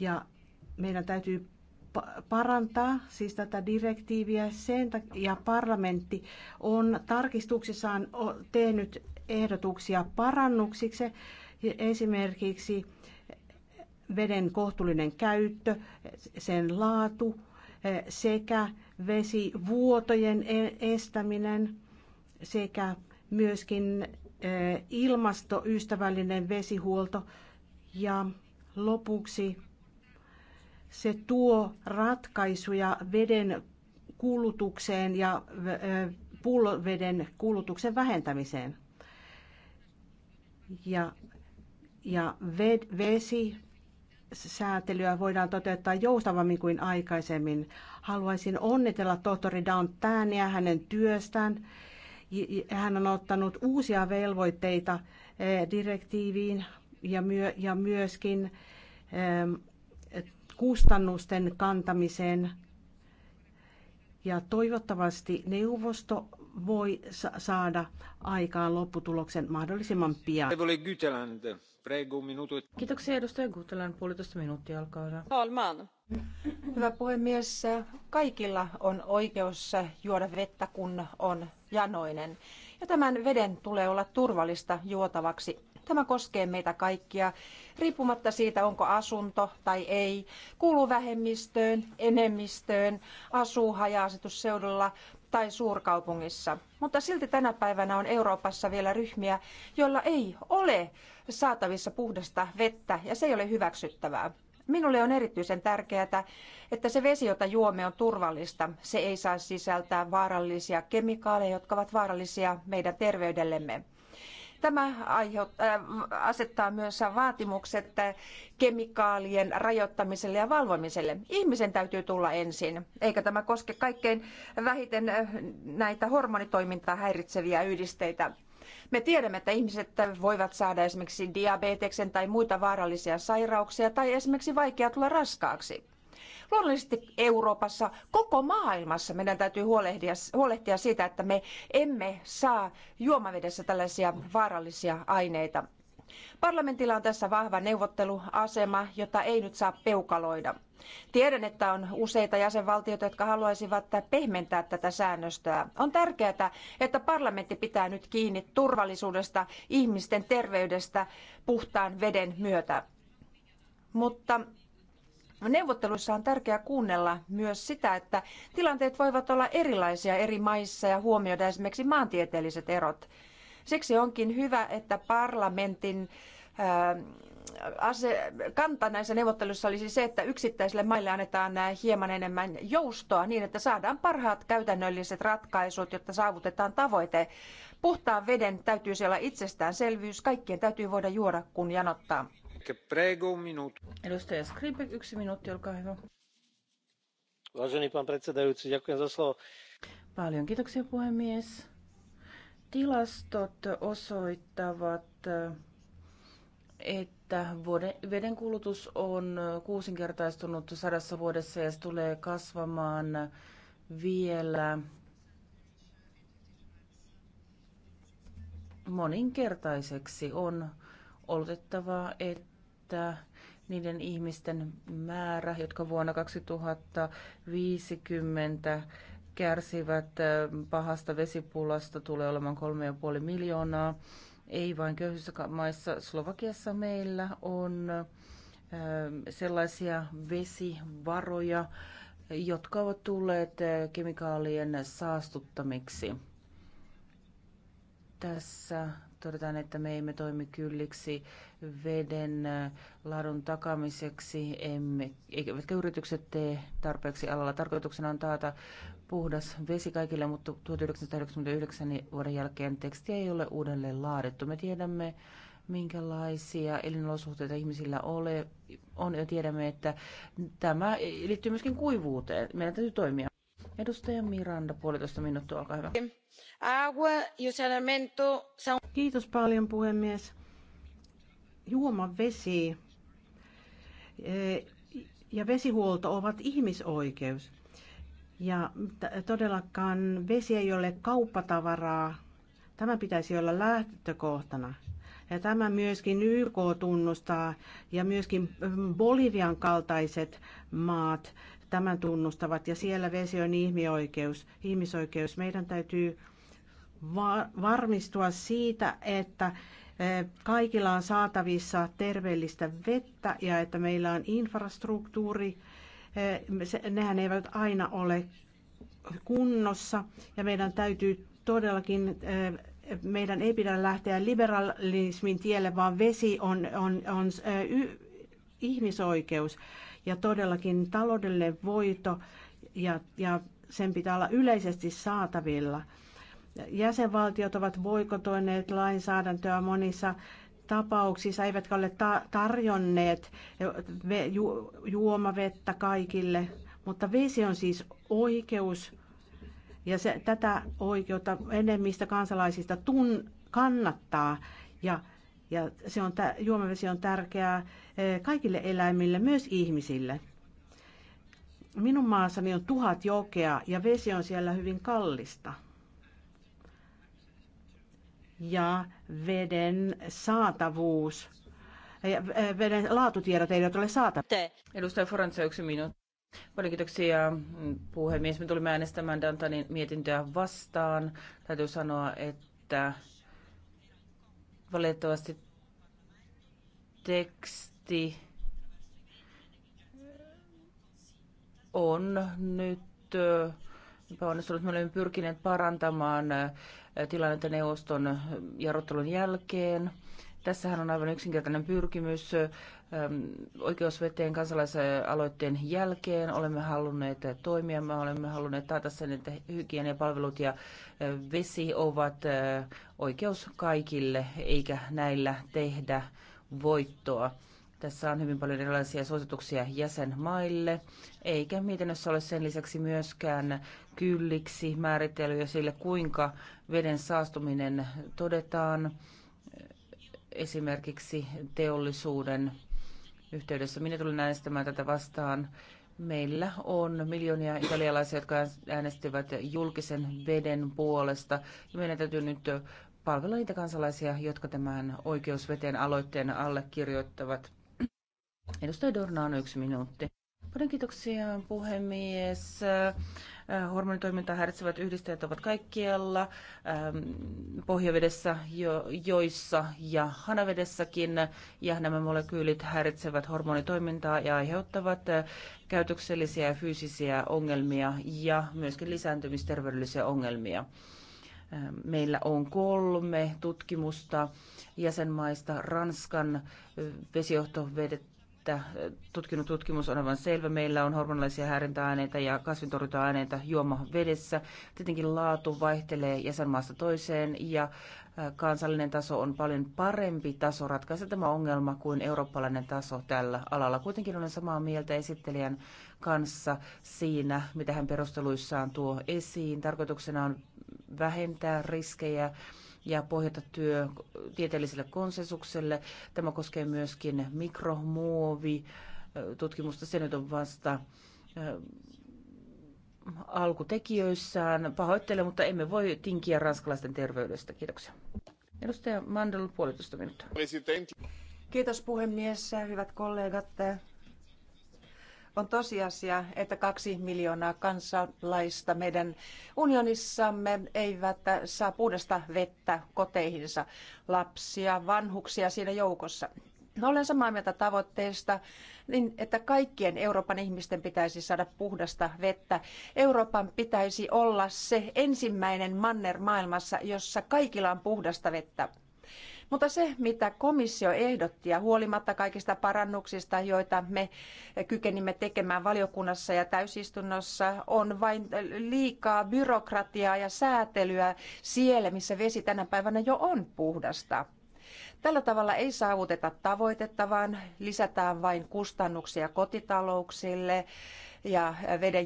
Ja meidän täytyy parantaa siis tätä direktiiviä sen ja parlamentti on tarkistuksissaan tehnyt ehdotuksia parannuksiksi, esimerkiksi veden kohtuullinen käyttö, sen laatu sekä vesivuotojen e-, estäminen sekä myöskin e, ilmastoystävällinen vesihuolto ja lopuksi se tuo ratkaisuja veden kulutukseen ja pulloveden kulutuksen vähentämiseen. Ja, ja ved, vesi säätelyä voidaan toteuttaa joustavammin kuin aikaisemmin. Haluaisin onnitella tohtori Tääniä hänen työstään. Hän on ottanut uusia velvoitteita direktiiviin ja, myö, ja myöskin kustannusten kantamiseen. Ja toivottavasti neuvosto voi saada aikaan lopputuloksen mahdollisimman pian. Kiitoksia edustaja Gutelan. Puolitoista minuuttia alkaa hyvä. Talman. Hyvä puhemies. Kaikilla on oikeus juoda vettä, kun on janoinen. Ja tämän veden tulee olla turvallista juotavaksi Tämä koskee meitä kaikkia, riippumatta siitä, onko asunto tai ei, kuuluu vähemmistöön, enemmistöön, asuu haja-asutusseudulla tai suurkaupungissa. Mutta silti tänä päivänä on Euroopassa vielä ryhmiä, joilla ei ole saatavissa puhdasta vettä ja se ei ole hyväksyttävää. Minulle on erityisen tärkeää, että se vesi, jota juomme, on turvallista. Se ei saa sisältää vaarallisia kemikaaleja, jotka ovat vaarallisia meidän terveydellemme. Tämä aiheuttaa, äh, asettaa myös vaatimukset kemikaalien rajoittamiselle ja valvomiselle. Ihmisen täytyy tulla ensin, eikä tämä koske kaikkein vähiten äh, näitä hormonitoimintaa häiritseviä yhdisteitä. Me tiedämme, että ihmiset voivat saada esimerkiksi diabeteksen tai muita vaarallisia sairauksia tai esimerkiksi vaikea tulla raskaaksi. Luonnollisesti Euroopassa, koko maailmassa meidän täytyy huolehtia, huolehtia siitä, että me emme saa juomavedessä tällaisia vaarallisia aineita. Parlamentilla on tässä vahva neuvotteluasema, jota ei nyt saa peukaloida. Tiedän, että on useita jäsenvaltioita, jotka haluaisivat pehmentää tätä säännöstöä. On tärkeää, että parlamentti pitää nyt kiinni turvallisuudesta, ihmisten terveydestä, puhtaan veden myötä. Mutta No, neuvotteluissa on tärkeää kuunnella myös sitä, että tilanteet voivat olla erilaisia eri maissa ja huomioida esimerkiksi maantieteelliset erot. Siksi onkin hyvä, että parlamentin äh, ase, kanta näissä neuvotteluissa olisi se, että yksittäisille maille annetaan äh, hieman enemmän joustoa niin, että saadaan parhaat käytännölliset ratkaisut, jotta saavutetaan tavoite. Puhtaan veden täytyy olla itsestäänselvyys, kaikkien täytyy voida juoda kun janottaa pane predsedajúci paljon kiitoksia puhemies. Tilastot osoittavat, että veden kulutus on kuusinkertaistunut sadassa vuodessa ja se tulee kasvamaan vielä moninkertaiseksi. On oletettavaa, että että niiden ihmisten määrä, jotka vuonna 2050 kärsivät pahasta vesipulasta, tulee olemaan 3,5 miljoonaa. Ei vain köyhissä maissa. Slovakiassa meillä on sellaisia vesivaroja, jotka ovat tulleet kemikaalien saastuttamiksi. Tässä todetaan, että me emme toimi kylliksi veden äh, laadun takamiseksi, emme, eivätkä yritykset tee tarpeeksi alalla. Tarkoituksena on taata puhdas vesi kaikille, mutta 1999 vuoden jälkeen tekstiä ei ole uudelleen laadittu. Me tiedämme, minkälaisia elinolosuhteita ihmisillä ole, on ja tiedämme, että tämä liittyy myöskin kuivuuteen. Meidän täytyy toimia. Edustaja Miranda, puolitoista minuuttia, olkaa hyvä. Agua y saneamiento Kiitos paljon puhemies. vesi e, ja vesihuolto ovat ihmisoikeus. Ja todellakaan vesi ei ole kauppatavaraa. Tämä pitäisi olla lähtökohtana. Ja tämä myöskin YK tunnustaa ja myöskin Bolivian kaltaiset maat tämän tunnustavat ja siellä vesi on ihmisoikeus. ihmisoikeus. Meidän täytyy varmistua siitä, että e, kaikilla on saatavissa terveellistä vettä ja että meillä on infrastruktuuri. E, nehän eivät aina ole kunnossa ja meidän täytyy todellakin e, meidän ei pidä lähteä liberalismin tielle, vaan vesi on, on, on y, ihmisoikeus ja todellakin taloudellinen voito ja, ja sen pitää olla yleisesti saatavilla. Jäsenvaltiot ovat voikotoineet lainsäädäntöä monissa tapauksissa, eivätkä ole ta- tarjonneet ju- juomavettä kaikille, mutta vesi on siis oikeus ja se, tätä oikeutta enemmistä kansalaisista tun, kannattaa ja, ja se on, juomavesi on tärkeää eh, kaikille eläimille, myös ihmisille. Minun maassani on tuhat jokea ja vesi on siellä hyvin kallista. Ja veden saatavuus, eh, eh, veden laatutiedot eivät ole saatavilla. Edustaja Forenza, yksi minuutti. Paljon kiitoksia mm, puhemies. Me tulimme äänestämään Dantanin mietintöä vastaan. Täytyy sanoa, että valitettavasti teksti on nyt äh, epäonnistunut. Me olemme pyrkineet parantamaan äh, tilannetta neuvoston jarruttelun jälkeen. Tässähän on aivan yksinkertainen pyrkimys Ähm, oikeusveteen kansalaisaloitteen jälkeen. Olemme halunneet toimia, me olemme halunneet taata sen, että hygieniapalvelut ja äh, vesi ovat äh, oikeus kaikille, eikä näillä tehdä voittoa. Tässä on hyvin paljon erilaisia suosituksia jäsenmaille, eikä mietinnössä ole sen lisäksi myöskään kylliksi määrittelyjä sille, kuinka veden saastuminen todetaan esimerkiksi teollisuuden yhteydessä. Minä tulen äänestämään tätä vastaan. Meillä on miljoonia italialaisia, jotka äänestivät julkisen veden puolesta. Ja meidän täytyy nyt palvella niitä kansalaisia, jotka tämän oikeusveteen aloitteen allekirjoittavat. Edustaja Dorna on yksi minuutti. Paljon kiitoksia puhemies. Äh, hormonitoimintaa häiritsevät yhdisteet ovat kaikkialla, ähm, pohjavedessä, joissa ja hanavedessäkin. Ja nämä molekyylit häiritsevät hormonitoimintaa ja aiheuttavat äh, käytöksellisiä ja fyysisiä ongelmia ja myöskin lisääntymisterveydellisiä ongelmia. Äh, meillä on kolme tutkimusta jäsenmaista Ranskan vesijohtovedet että äh, tutkinut tutkimus on aivan selvä. Meillä on hormonallisia häirintäaineita ja kasvintorjunta-aineita juomavedessä. Tietenkin laatu vaihtelee jäsenmaasta toiseen ja äh, kansallinen taso on paljon parempi taso ratkaista tämä ongelma kuin eurooppalainen taso tällä alalla. Kuitenkin olen samaa mieltä esittelijän kanssa siinä, mitä hän perusteluissaan tuo esiin. Tarkoituksena on vähentää riskejä ja pohjata työ tieteelliselle konsensukselle. Tämä koskee myöskin mikromuovi tutkimusta. Se nyt on vasta alkutekijöissään. Pahoittelen, mutta emme voi tinkiä ranskalaisten terveydestä. Kiitoksia. Edustaja Mandel, puolitoista minuuttia. Kiitos puhemies, hyvät kollegat. On tosiasia, että kaksi miljoonaa kansalaista meidän unionissamme eivät saa puhdasta vettä koteihinsa, lapsia, vanhuksia siinä joukossa. Olen samaa mieltä tavoitteesta, niin että kaikkien Euroopan ihmisten pitäisi saada puhdasta vettä. Euroopan pitäisi olla se ensimmäinen manner maailmassa, jossa kaikilla on puhdasta vettä. Mutta se, mitä komissio ehdotti ja huolimatta kaikista parannuksista, joita me kykenimme tekemään valiokunnassa ja täysistunnossa, on vain liikaa byrokratiaa ja säätelyä siellä, missä vesi tänä päivänä jo on puhdasta. Tällä tavalla ei saavuteta tavoitetta, vaan lisätään vain kustannuksia kotitalouksille, ja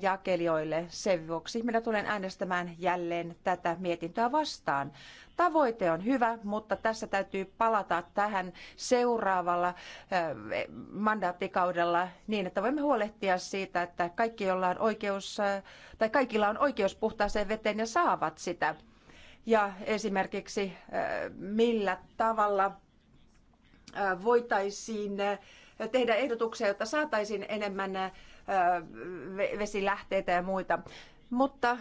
jakelijoille. Sen vuoksi minä tulen äänestämään jälleen tätä mietintöä vastaan. Tavoite on hyvä, mutta tässä täytyy palata tähän seuraavalla eh, mandaattikaudella niin, että voimme huolehtia siitä, että kaikki, on oikeus, eh, tai kaikilla on oikeus puhtaaseen veteen ja saavat sitä. Ja esimerkiksi eh, millä tavalla voitaisiin tehdä ehdotuksia, jotta saataisiin enemmän vesilähteitä ja muita. Mutta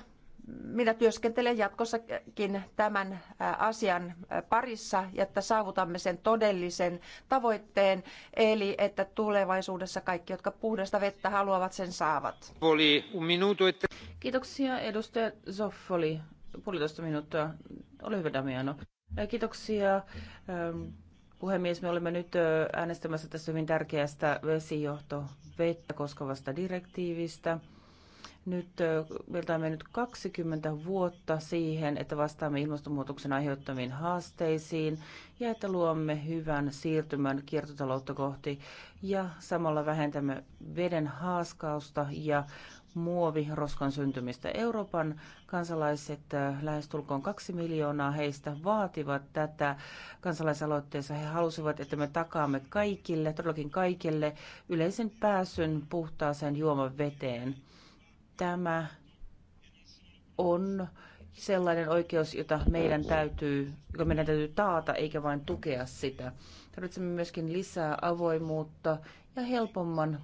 minä työskentelen jatkossakin tämän asian parissa, jotta saavutamme sen todellisen tavoitteen, eli että tulevaisuudessa kaikki, jotka puhdasta vettä haluavat, sen saavat. E kiitoksia edustaja Zoffoli. Puolitoista minuuttia. Ole hyvä Damiano. Kiitoksia. Puhemies, me olemme nyt äänestämässä tässä hyvin tärkeästä vesijohto vettä koskevasta direktiivistä. Nyt meiltä on mennyt 20 vuotta siihen, että vastaamme ilmastonmuutoksen aiheuttamiin haasteisiin ja että luomme hyvän siirtymän kiertotaloutta kohti ja samalla vähentämme veden haaskausta ja muoviroskan syntymistä. Euroopan kansalaiset, äh, lähestulkoon kaksi miljoonaa heistä, vaativat tätä kansalaisaloitteessa. He halusivat, että me takaamme kaikille, todellakin kaikille, yleisen pääsyn puhtaaseen juoman veteen. Tämä on sellainen oikeus, jota meidän täytyy, joka meidän täytyy taata, eikä vain tukea sitä. Tarvitsemme myöskin lisää avoimuutta ja helpomman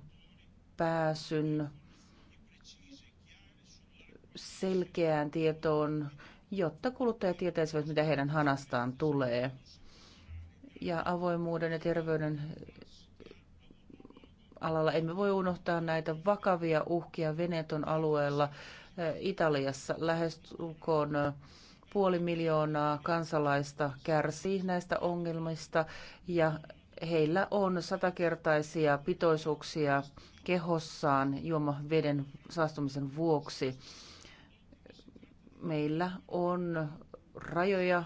pääsyn selkeään tietoon, jotta kuluttajat tietäisivät, mitä heidän hanastaan tulee. Ja avoimuuden ja terveyden alalla emme voi unohtaa näitä vakavia uhkia Veneton alueella eh, Italiassa lähestulkoon eh, puoli miljoonaa kansalaista kärsii näistä ongelmista ja heillä on satakertaisia pitoisuuksia kehossaan juomaveden saastumisen vuoksi meillä on rajoja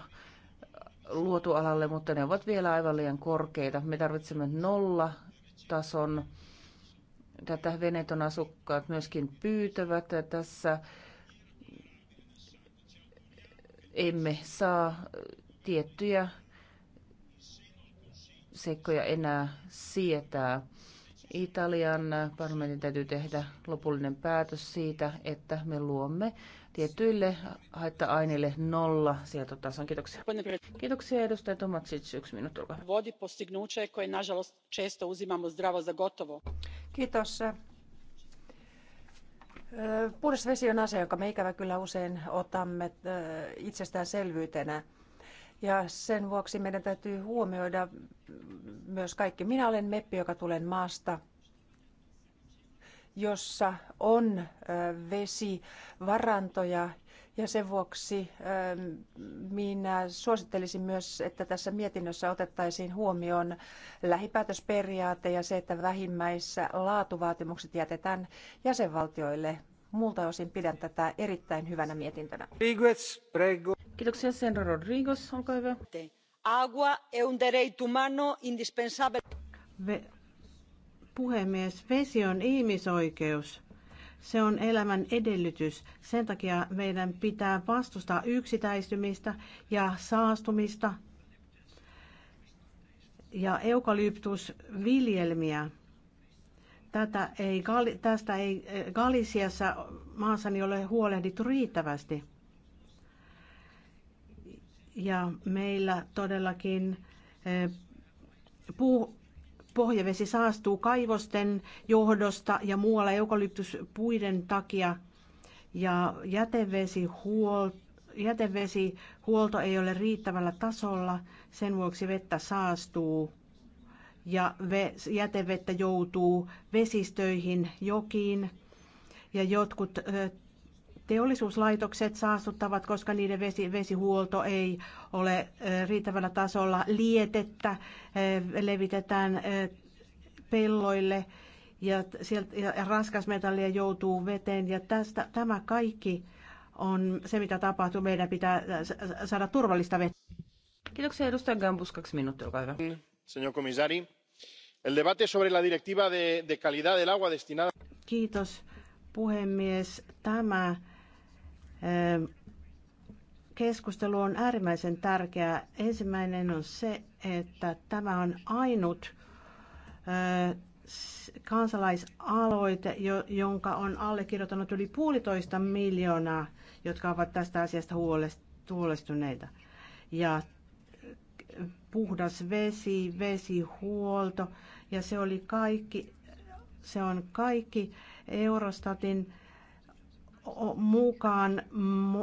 luotu alalle, mutta ne ovat vielä aivan liian korkeita. Me tarvitsemme nolla tason. Tätä Veneton asukkaat myöskin pyytävät. Tässä emme saa tiettyjä seikkoja enää sietää. Italian parlamentin täytyy tehdä lopullinen päätös siitä, että me luomme tietyille haitta-aineille nolla sietotason. Kiitoksia. Kiitoksia edustaja Tomacic. Yksi minuutti, olkaa Vodi postignuće koje nažalost često uzimamo zdravo za gotovo. Kiitos. Puhdas vesi on asia, jonka me ikävä kyllä usein otamme eh, itsestäänselvyytenä. Ja sen vuoksi meidän täytyy huomioida myös kaikki. Minä olen meppi, joka tulen maasta, jossa on vesivarantoja ja sen vuoksi minä suosittelisin myös, että tässä mietinnössä otettaisiin huomioon lähipäätösperiaate ja se, että vähimmäissä laatuvaatimukset jätetään jäsenvaltioille. Muulta osin pidän tätä erittäin hyvänä mietintönä. Kiitoksia, Senra olkaa hyvä. Agua è un puhemies, vesi on ihmisoikeus. Se on elämän edellytys. Sen takia meidän pitää vastustaa yksitäistymistä ja saastumista ja eukalyptusviljelmiä. Tätä ei, tästä ei Galisiassa maassani ole huolehdittu riittävästi. Ja meillä todellakin eh, puu, pohjavesi saastuu kaivosten johdosta ja muualla eukalyptuspuiden takia ja jätevesihuolto huolto ei ole riittävällä tasolla, sen vuoksi vettä saastuu ja jätevettä joutuu vesistöihin, jokiin ja jotkut Teollisuuslaitokset saastuttavat, koska niiden vesi, vesihuolto ei ole riittävällä tasolla. Lietettä levitetään pelloille ja, sieltä, ja raskasmetallia joutuu veteen. Ja tästä, tämä kaikki on se, mitä tapahtuu. Meidän pitää saada turvallista vettä. Kiitoksia edustaja Gambus, kaksi minuuttia, olkaa hyvä. Señor komisari, el debate sobre la directiva de, de calidad del agua destinada... Kiitos puhemies. Tämä keskustelu on äärimmäisen tärkeää. Ensimmäinen on se, että tämä on ainut kansalaisaloite, jonka on allekirjoittanut yli puolitoista miljoonaa, jotka ovat tästä asiasta huolestuneita. Ja puhdas vesi, vesihuolto ja se oli kaikki, se on kaikki Eurostatin mukaan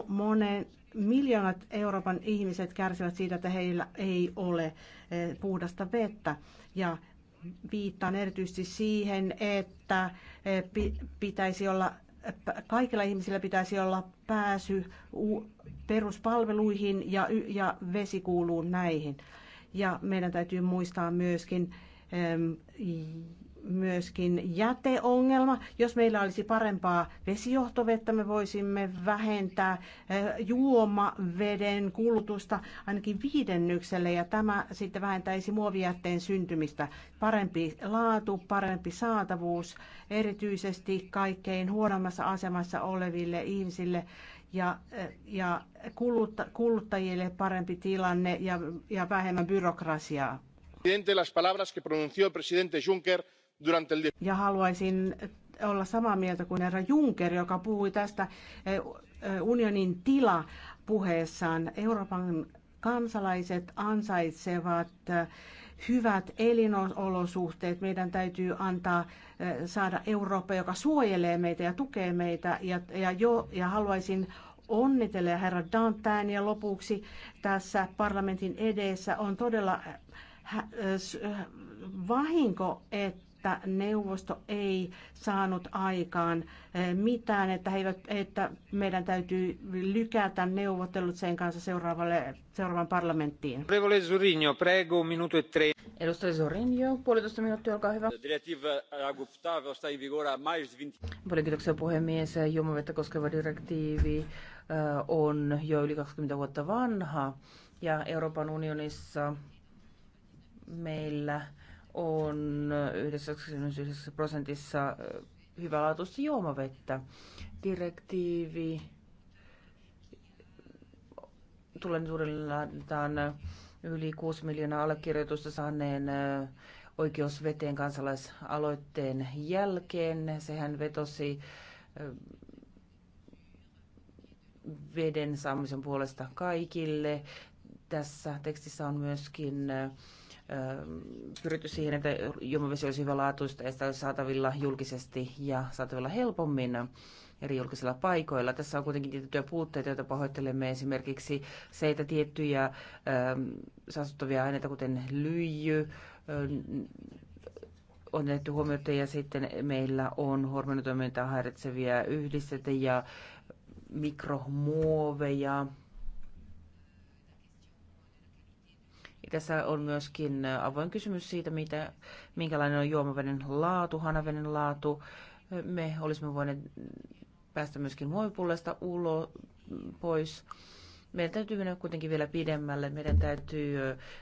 monen, miljoonat Euroopan ihmiset kärsivät siitä, että heillä ei ole eh, puhdasta vettä. Ja viittaan erityisesti siihen, että eh, pitäisi olla, kaikilla ihmisillä pitäisi olla pääsy peruspalveluihin ja, ja vesi kuuluu näihin. Ja meidän täytyy muistaa myöskin myöskin jäteongelma. Jos meillä olisi parempaa vesijohtovettä, me voisimme vähentää eh, juomaveden kulutusta ainakin viidennykselle ja tämä sitten vähentäisi muovijätteen syntymistä. Parempi laatu, parempi saatavuus erityisesti kaikkein huonommassa asemassa oleville ihmisille ja, eh, ja kulutta, kuluttajille parempi tilanne ja, ja vähemmän byrokrasiaa. Presidente, las palabras que pronunció el presidente Juncker ja haluaisin olla samaa mieltä kuin herra Juncker, joka puhui tästä eh, eh, unionin tila puheessaan. Euroopan kansalaiset ansaitsevat eh, hyvät elinolosuhteet. Meidän täytyy antaa saada Eurooppa, joka suojelee meitä ja tukee meitä. Ja, ja, jo, ja haluaisin onnitella herra Dantään ja lopuksi tässä parlamentin edessä on todella vahinko, että että neuvosto ei saanut aikaan eh, mitään, että, he eivät, että meidän täytyy lykätä neuvottelut sen kanssa seuraavalle, seuraavan parlamenttiin. Zorinio, prego, minuto e tre. Edustaja Zorinio, puolitoista minuuttia, olkaa hyvä. Paljon kiitoksia puhemies. Juomavettä koskeva direktiivi eh, on jo yli 20 vuotta vanha ja Euroopan unionissa meillä on 99 prosentissa hyvälaatuista juomavettä. Direktiivi tulee nyt yli 6 miljoonaa allekirjoitusta saaneen oikeusveteen kansalaisaloitteen jälkeen. Sehän vetosi veden saamisen puolesta kaikille. Tässä tekstissä on myöskin pyritty siihen, että juomavesi olisi hyvälaatuista ja sitä olisi saatavilla julkisesti ja saatavilla helpommin eri julkisilla paikoilla. Tässä on kuitenkin tiettyjä puutteita, joita pahoittelemme esimerkiksi se, että tiettyjä saastuttavia aineita, kuten lyijy, on tehty huomiota ja sitten meillä on hormonitoimintaa häiritseviä yhdisteitä ja mikromuoveja, Ja tässä on myöskin avoin kysymys siitä, mitä, minkälainen on juomaveden laatu, hanaveden laatu. Me olisimme voineet päästä myöskin muovipullesta ulo pois. Meidän täytyy mennä kuitenkin vielä pidemmälle. Meidän täytyy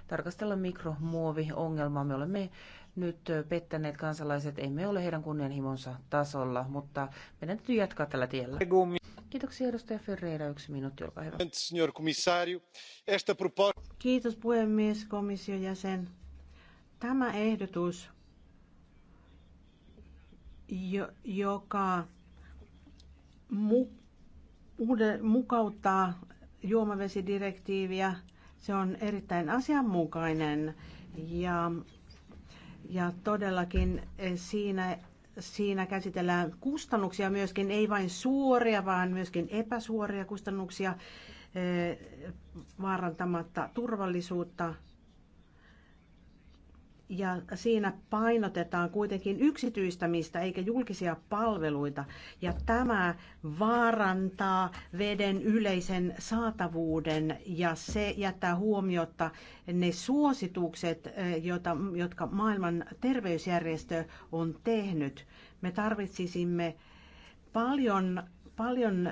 tarkastella mikromuoviongelmaa. Me olemme nyt pettäneet kansalaiset. Emme ole heidän kunnianhimonsa tasolla, mutta meidän täytyy jatkaa tällä tiellä. Kiitoksia edustaja Ferreira. Yksi minuutti, olkaa hyvä. Kiitos puhemies, komission jäsen. Tämä ehdotus, joka mu- mukauttaa juomavesidirektiiviä, se on erittäin asianmukainen ja, ja todellakin eh, siinä Siinä käsitellään kustannuksia myöskin, ei vain suoria, vaan myöskin epäsuoria kustannuksia eh, vaarantamatta turvallisuutta ja siinä painotetaan kuitenkin yksityistämistä eikä julkisia palveluita. Ja tämä vaarantaa veden yleisen saatavuuden ja se jättää huomiota ne suositukset, eh, jota, jotka maailman terveysjärjestö on tehnyt. Me tarvitsisimme paljon paljon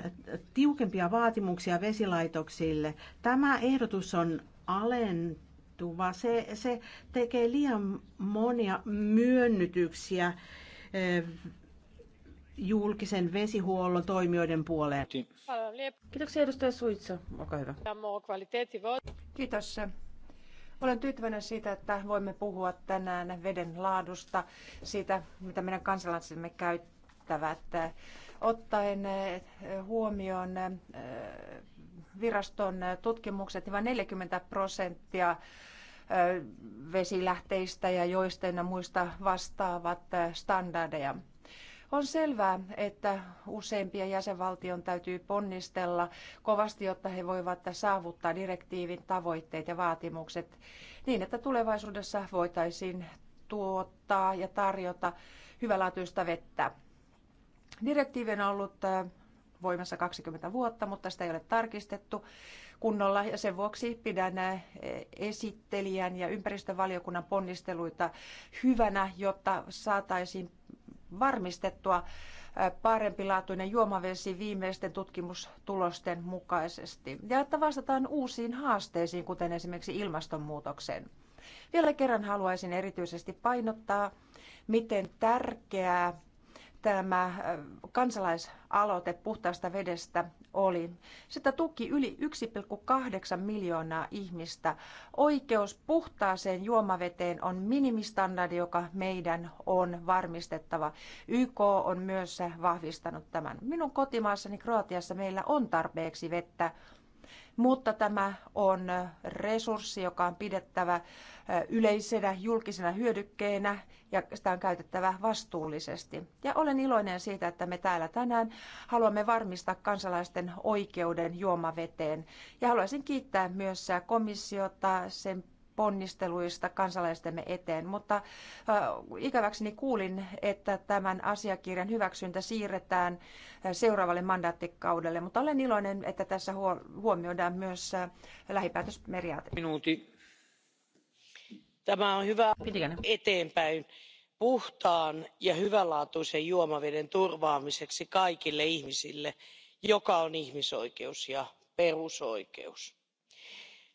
tiukempia vaatimuksia vesilaitoksille. Tämä ehdotus on alen, tapahtuu, vaan se, se tekee liian monia myönnytyksiä eh, julkisen vesihuollon toimijoiden puoleen. Kiitoksia edustaja Suitsa, olkaa hyvä. Kiitos. Olen tyytyväinen siitä, että voimme puhua tänään veden laadusta, siitä mitä meidän kansalaisemme käyttävät, ottaen eh, huomioon eh, viraston äh, tutkimukset, niin vain 40 prosenttia äh, vesilähteistä ja joista ja muista vastaavat äh, standardeja. On selvää, että useimpien jäsenvaltion täytyy ponnistella kovasti, jotta he voivat saavuttaa direktiivin tavoitteet ja vaatimukset niin, että tulevaisuudessa voitaisiin tuottaa ja tarjota hyvälaatuista vettä. Direktiivi on ollut voimassa 20 vuotta, mutta sitä ei ole tarkistettu kunnolla ja sen vuoksi pidän esittelijän ja ympäristövaliokunnan ponnisteluita hyvänä, jotta saataisiin varmistettua parempilaatuinen juomavesi viimeisten tutkimustulosten mukaisesti ja että vastataan uusiin haasteisiin, kuten esimerkiksi ilmastonmuutokseen. Vielä kerran haluaisin erityisesti painottaa, miten tärkeää tämä äh, kansalaisaloite puhtaasta vedestä oli. Sitä tuki yli 1,8 miljoonaa ihmistä. Oikeus puhtaaseen juomaveteen on minimistandardi, joka meidän on varmistettava. YK on myös vahvistanut tämän. Minun kotimaassani Kroatiassa meillä on tarpeeksi vettä mutta tämä on resurssi, joka on pidettävä yleisenä julkisena hyödykkeenä ja sitä on käytettävä vastuullisesti. Ja olen iloinen siitä, että me täällä tänään haluamme varmistaa kansalaisten oikeuden juomaveteen. Ja haluaisin kiittää myös komissiota sen ponnisteluista kansalaistemme eteen, mutta ikäväkseni kuulin, että tämän asiakirjan hyväksyntä siirretään seuraavalle mandaattikaudelle, mutta olen iloinen, että tässä huomioidaan myös lähipäätösperiaate. Minuutti. Tämä on hyvä Pitikäinen. eteenpäin puhtaan ja hyvänlaatuisen juomaveden turvaamiseksi kaikille ihmisille, joka on ihmisoikeus ja perusoikeus